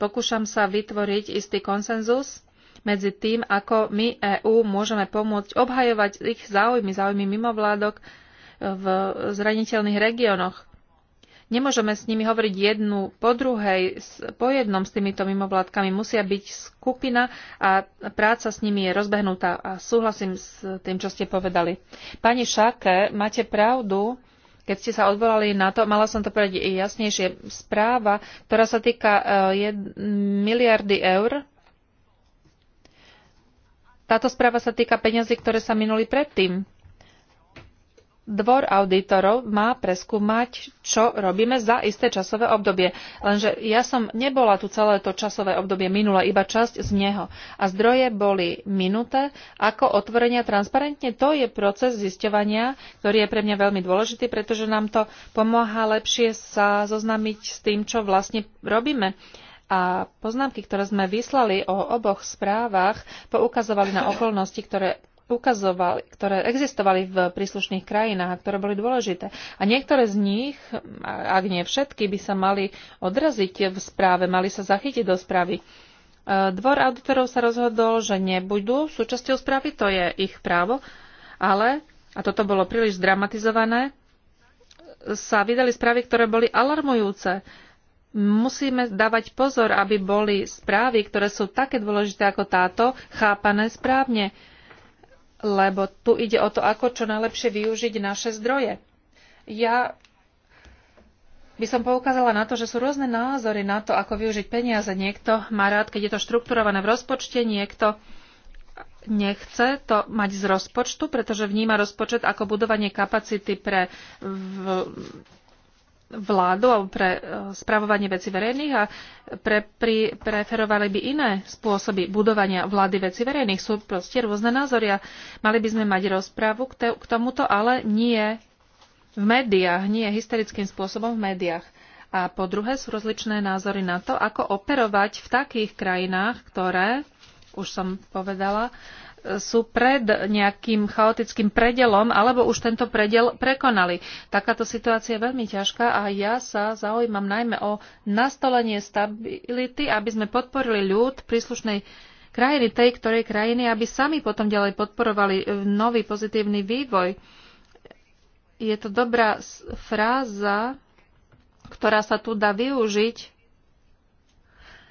pokúšam sa vytvoriť istý konsenzus medzi tým, ako my EÚ môžeme pomôcť obhajovať ich záujmy, záujmy mimovládok e, v zraniteľných regiónoch. Nemôžeme s nimi hovoriť jednu po druhej, po jednom s týmito mimovládkami. Musia byť skupina a práca s nimi je rozbehnutá. A súhlasím s tým, čo ste povedali. Pani Šake, máte pravdu, keď ste sa odvolali na to, mala som to povedať jasnejšie, správa, ktorá sa týka e, miliardy eur, táto správa sa týka peňazí, ktoré sa minuli predtým. Dvor auditorov má preskúmať, čo robíme za isté časové obdobie. Lenže ja som nebola tu celé to časové obdobie minule, iba časť z neho. A zdroje boli minuté ako otvorenia transparentne. To je proces zisťovania, ktorý je pre mňa veľmi dôležitý, pretože nám to pomáha lepšie sa zoznamiť s tým, čo vlastne robíme a poznámky, ktoré sme vyslali o oboch správach, poukazovali na okolnosti, ktoré ukazovali, ktoré existovali v príslušných krajinách a ktoré boli dôležité. A niektoré z nich, ak nie všetky, by sa mali odraziť v správe, mali sa zachytiť do správy. E, dvor auditorov sa rozhodol, že nebudú súčasťou správy, to je ich právo, ale, a toto bolo príliš zdramatizované, sa vydali správy, ktoré boli alarmujúce musíme dávať pozor, aby boli správy, ktoré sú také dôležité ako táto, chápané správne. Lebo tu ide o to, ako čo najlepšie využiť naše zdroje. Ja by som poukázala na to, že sú rôzne názory na to, ako využiť peniaze. Niekto má rád, keď je to štrukturované v rozpočte, niekto nechce to mať z rozpočtu, pretože vníma rozpočet ako budovanie kapacity pre v, vládu alebo pre e, spravovanie veci verejných a pre, pri, preferovali by iné spôsoby budovania vlády veci verejných. Sú proste rôzne názory a mali by sme mať rozprávu k, te, k tomuto, ale nie v médiách, nie hysterickým spôsobom v médiách. A po druhé sú rozličné názory na to, ako operovať v takých krajinách, ktoré, už som povedala, uh, sú pred nejakým chaotickým predelom alebo už tento predel prekonali. Takáto situácia je veľmi ťažká a ja sa zaujímam najmä o nastolenie stability, aby sme podporili ľud príslušnej krajiny, tej ktorej krajiny, aby sami potom ďalej podporovali e, nový pozitívny vývoj. Je to dobrá fráza, ktorá sa tu dá využiť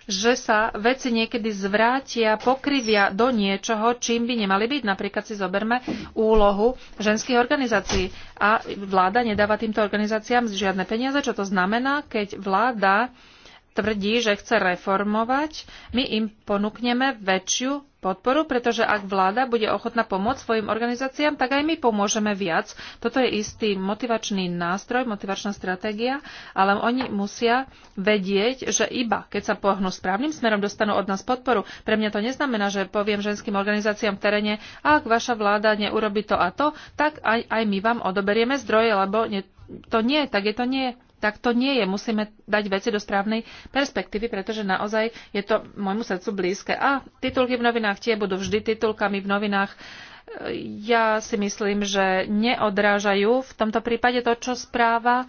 že sa veci niekedy zvrátia, pokrivia do niečoho, čím by nemali byť. Napríklad si zoberme úlohu ženských organizácií. A vláda nedáva týmto organizáciám žiadne peniaze. Čo to znamená, keď vláda tvrdí, že chce reformovať, my im ponúkneme väčšiu podporu, pretože ak vláda bude ochotná pomôcť svojim organizáciám, tak aj my pomôžeme viac. Toto je istý motivačný nástroj, motivačná stratégia, ale oni musia vedieť, že iba keď sa pohnú správnym smerom, dostanú od nás podporu. Pre mňa to neznamená, že poviem ženským organizáciám v teréne, ak vaša vláda neurobi to a to, tak aj, aj my vám odoberieme zdroje, lebo nie, to nie, tak je to nie tak to nie je. Musíme dať veci do správnej perspektívy, pretože naozaj je to môjmu srdcu blízke. A titulky v novinách tie budú vždy titulkami v novinách. E, ja si myslím, že neodrážajú v tomto prípade to, čo správa e,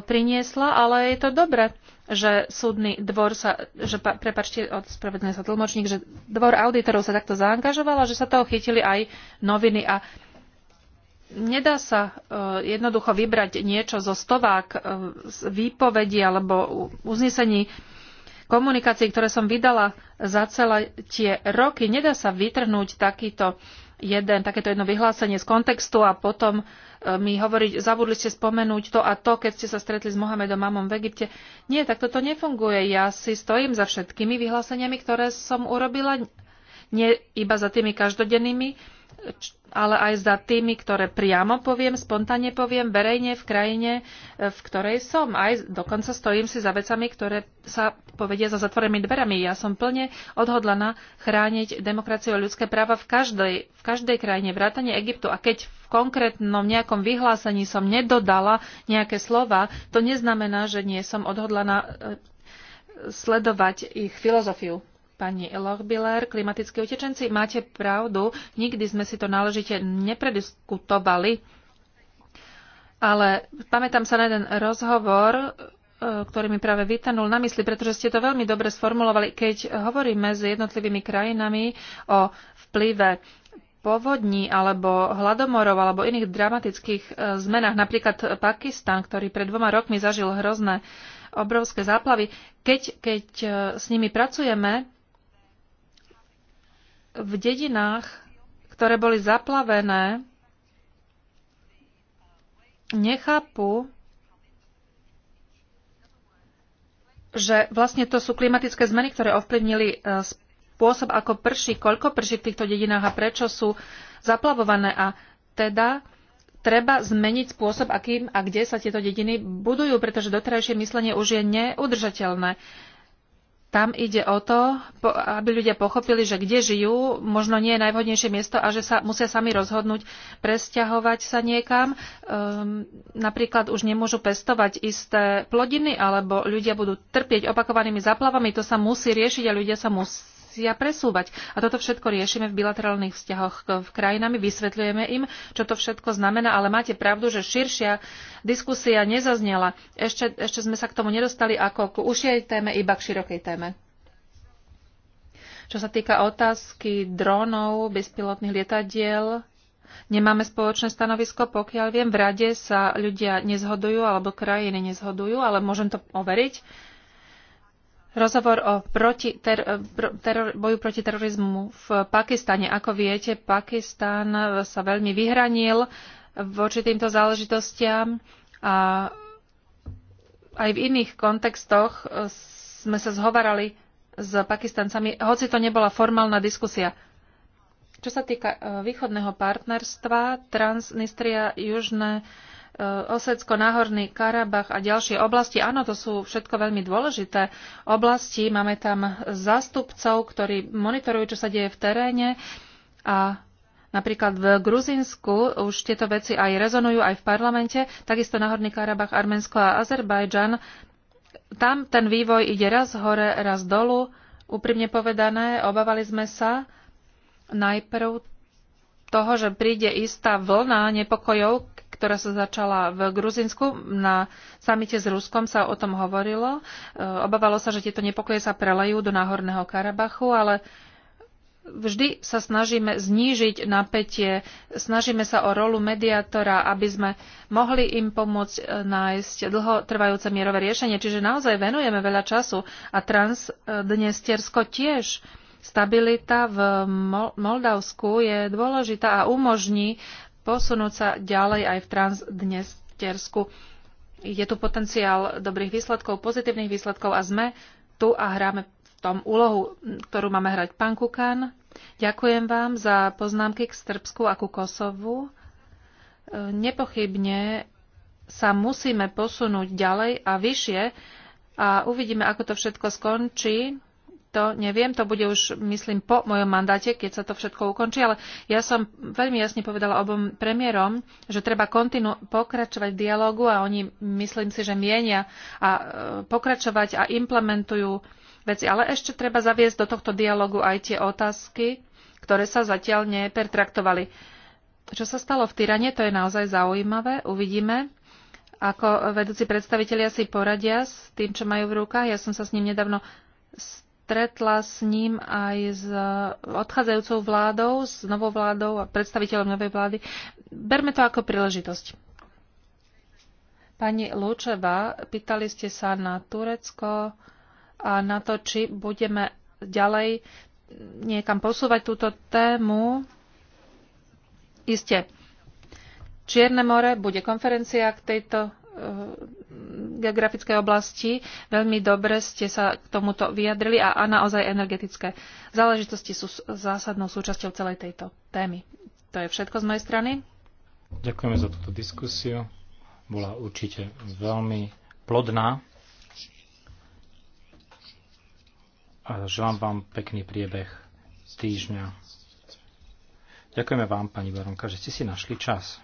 priniesla, ale je to dobre, že súdny dvor sa, že prepačte, odspravedlňuje sa tlmočník, že dvor auditorov sa takto zaangažovala, že sa toho chytili aj noviny a Nedá sa e, jednoducho vybrať niečo zo stovák e, z výpovedí alebo uznesení komunikácií, ktoré som vydala za celé tie roky. Nedá sa vytrhnúť takýto jeden, takéto jedno vyhlásenie z kontextu a potom e, mi hovoriť, zabudli ste spomenúť to a to, keď ste sa stretli s Mohamedom Mamom v Egypte. Nie, tak toto nefunguje. Ja si stojím za všetkými vyhláseniami, ktoré som urobila, nie iba za tými každodennými, ale aj za tými, ktoré priamo poviem, spontánne poviem, verejne v krajine, e, v ktorej som. Aj dokonca stojím si za vecami, ktoré sa povedia za zatvorenými dverami. Ja som plne odhodlaná chrániť demokraciu a ľudské práva v každej, v každej krajine, vrátane Egyptu. A keď v konkrétnom nejakom vyhlásení som nedodala nejaké slova, to neznamená, že nie som odhodlaná e, sledovať ich filozofiu. Pani Lochbiller, klimatickí utečenci, máte pravdu, nikdy sme si to náležite neprediskutovali, ale pamätám sa na jeden rozhovor, e, ktorý mi práve vytanul na mysli, pretože ste to veľmi dobre sformulovali, keď hovoríme s jednotlivými krajinami o vplyve povodní alebo hladomorov alebo iných dramatických e, zmenách. Napríklad Pakistan, ktorý pred dvoma rokmi zažil hrozné obrovské záplavy. Keď, keď e, s nimi pracujeme, v dedinách, ktoré boli zaplavené, nechápu, že vlastne to sú klimatické zmeny, ktoré ovplyvnili e, spôsob, ako prší, koľko prší v týchto dedinách a prečo sú zaplavované. A teda treba zmeniť spôsob, akým a kde sa tieto dediny budujú, pretože doterajšie myslenie už je neudržateľné tam ide o to, aby ľudia pochopili, že kde žijú, možno nie je najvhodnejšie miesto a že sa musia sami rozhodnúť presťahovať sa niekam. Um, napríklad už nemôžu pestovať isté plodiny, alebo ľudia budú trpieť opakovanými zaplavami. To sa musí riešiť a ľudia sa musí musia presúvať. A toto všetko riešime v bilaterálnych vzťahoch v krajinami, vysvetľujeme im, čo to všetko znamená, ale máte pravdu, že širšia diskusia nezaznela. Ešte, ešte sme sa k tomu nedostali ako k ušej téme, iba k širokej téme. Čo sa týka otázky dronov, bezpilotných lietadiel, Nemáme spoločné stanovisko, pokiaľ viem, v rade sa ľudia nezhodujú alebo krajiny nezhodujú, ale môžem to overiť rozhovor o proti, ter, eh, ter, boju proti terorizmu v Pakistane. Ako viete, Pakistan sa veľmi vyhranil voči týmto záležitostiam a aj v iných kontextoch eh, sme sa zhovarali s Pakistancami, hoci to nebola formálna diskusia. Čo sa týka eh, východného partnerstva, Transnistria, Južné E, Osecko, Náhorný Karabach a ďalšie oblasti. Áno, to sú všetko veľmi dôležité oblasti. Máme tam zástupcov, ktorí monitorujú, čo sa deje v teréne a Napríklad v Gruzinsku už tieto veci aj rezonujú aj v parlamente, takisto na Horný Karabach, Arménsko a Azerbajdžan. Tam ten vývoj ide raz hore, raz dolu. Úprimne povedané, obávali sme sa najprv toho, že príde istá vlna nepokojov, ktorá sa začala v Gruzinsku. Na samite s Ruskom sa o tom hovorilo. E, obávalo sa, že tieto nepokoje sa prelejú do Náhorného Karabachu, ale vždy sa snažíme znížiť napätie, snažíme sa o rolu mediátora, aby sme mohli im pomôcť e, nájsť dlhotrvajúce mierové riešenie. Čiže naozaj venujeme veľa času a Transdnestersko tiež. Stabilita v Moldavsku je dôležitá a umožní posunúť sa ďalej aj v Transdnestersku. Je tu potenciál dobrých výsledkov, pozitívnych výsledkov a sme tu a hráme v tom úlohu, ktorú máme hrať. Pán Kukan, ďakujem vám za poznámky k Srbsku a ku Kosovu. E, nepochybne sa musíme posunúť ďalej a vyššie a uvidíme, ako to všetko skončí to neviem, to bude už, myslím, po mojom mandáte, keď sa to všetko ukončí, ale ja som veľmi jasne povedala obom premiérom, že treba kontinu- pokračovať v dialogu a oni, myslím si, že mienia a e, pokračovať a implementujú veci. Ale ešte treba zaviesť do tohto dialogu aj tie otázky, ktoré sa zatiaľ nepertraktovali. Čo sa stalo v Tyrane, to je naozaj zaujímavé. Uvidíme, ako vedúci predstavitelia si poradia s tým, čo majú v rukách. Ja som sa s ním nedávno stretla s ním aj s e, odchádzajúcou vládou, s novou vládou a predstaviteľom novej vlády. Berme to ako príležitosť. Pani Lučeva, pýtali ste sa na Turecko a na to, či budeme ďalej niekam posúvať túto tému. Isté. Čierne more, bude konferencia k tejto e, geografickej oblasti. Veľmi dobre ste sa k tomuto vyjadrili a, a naozaj energetické záležitosti sú zásadnou súčasťou celej tejto témy. To je všetko z mojej strany. Ďakujeme za túto diskusiu. Bola určite veľmi plodná. A želám vám pekný priebeh týždňa. Ďakujeme vám, pani Baronka, že ste si našli čas.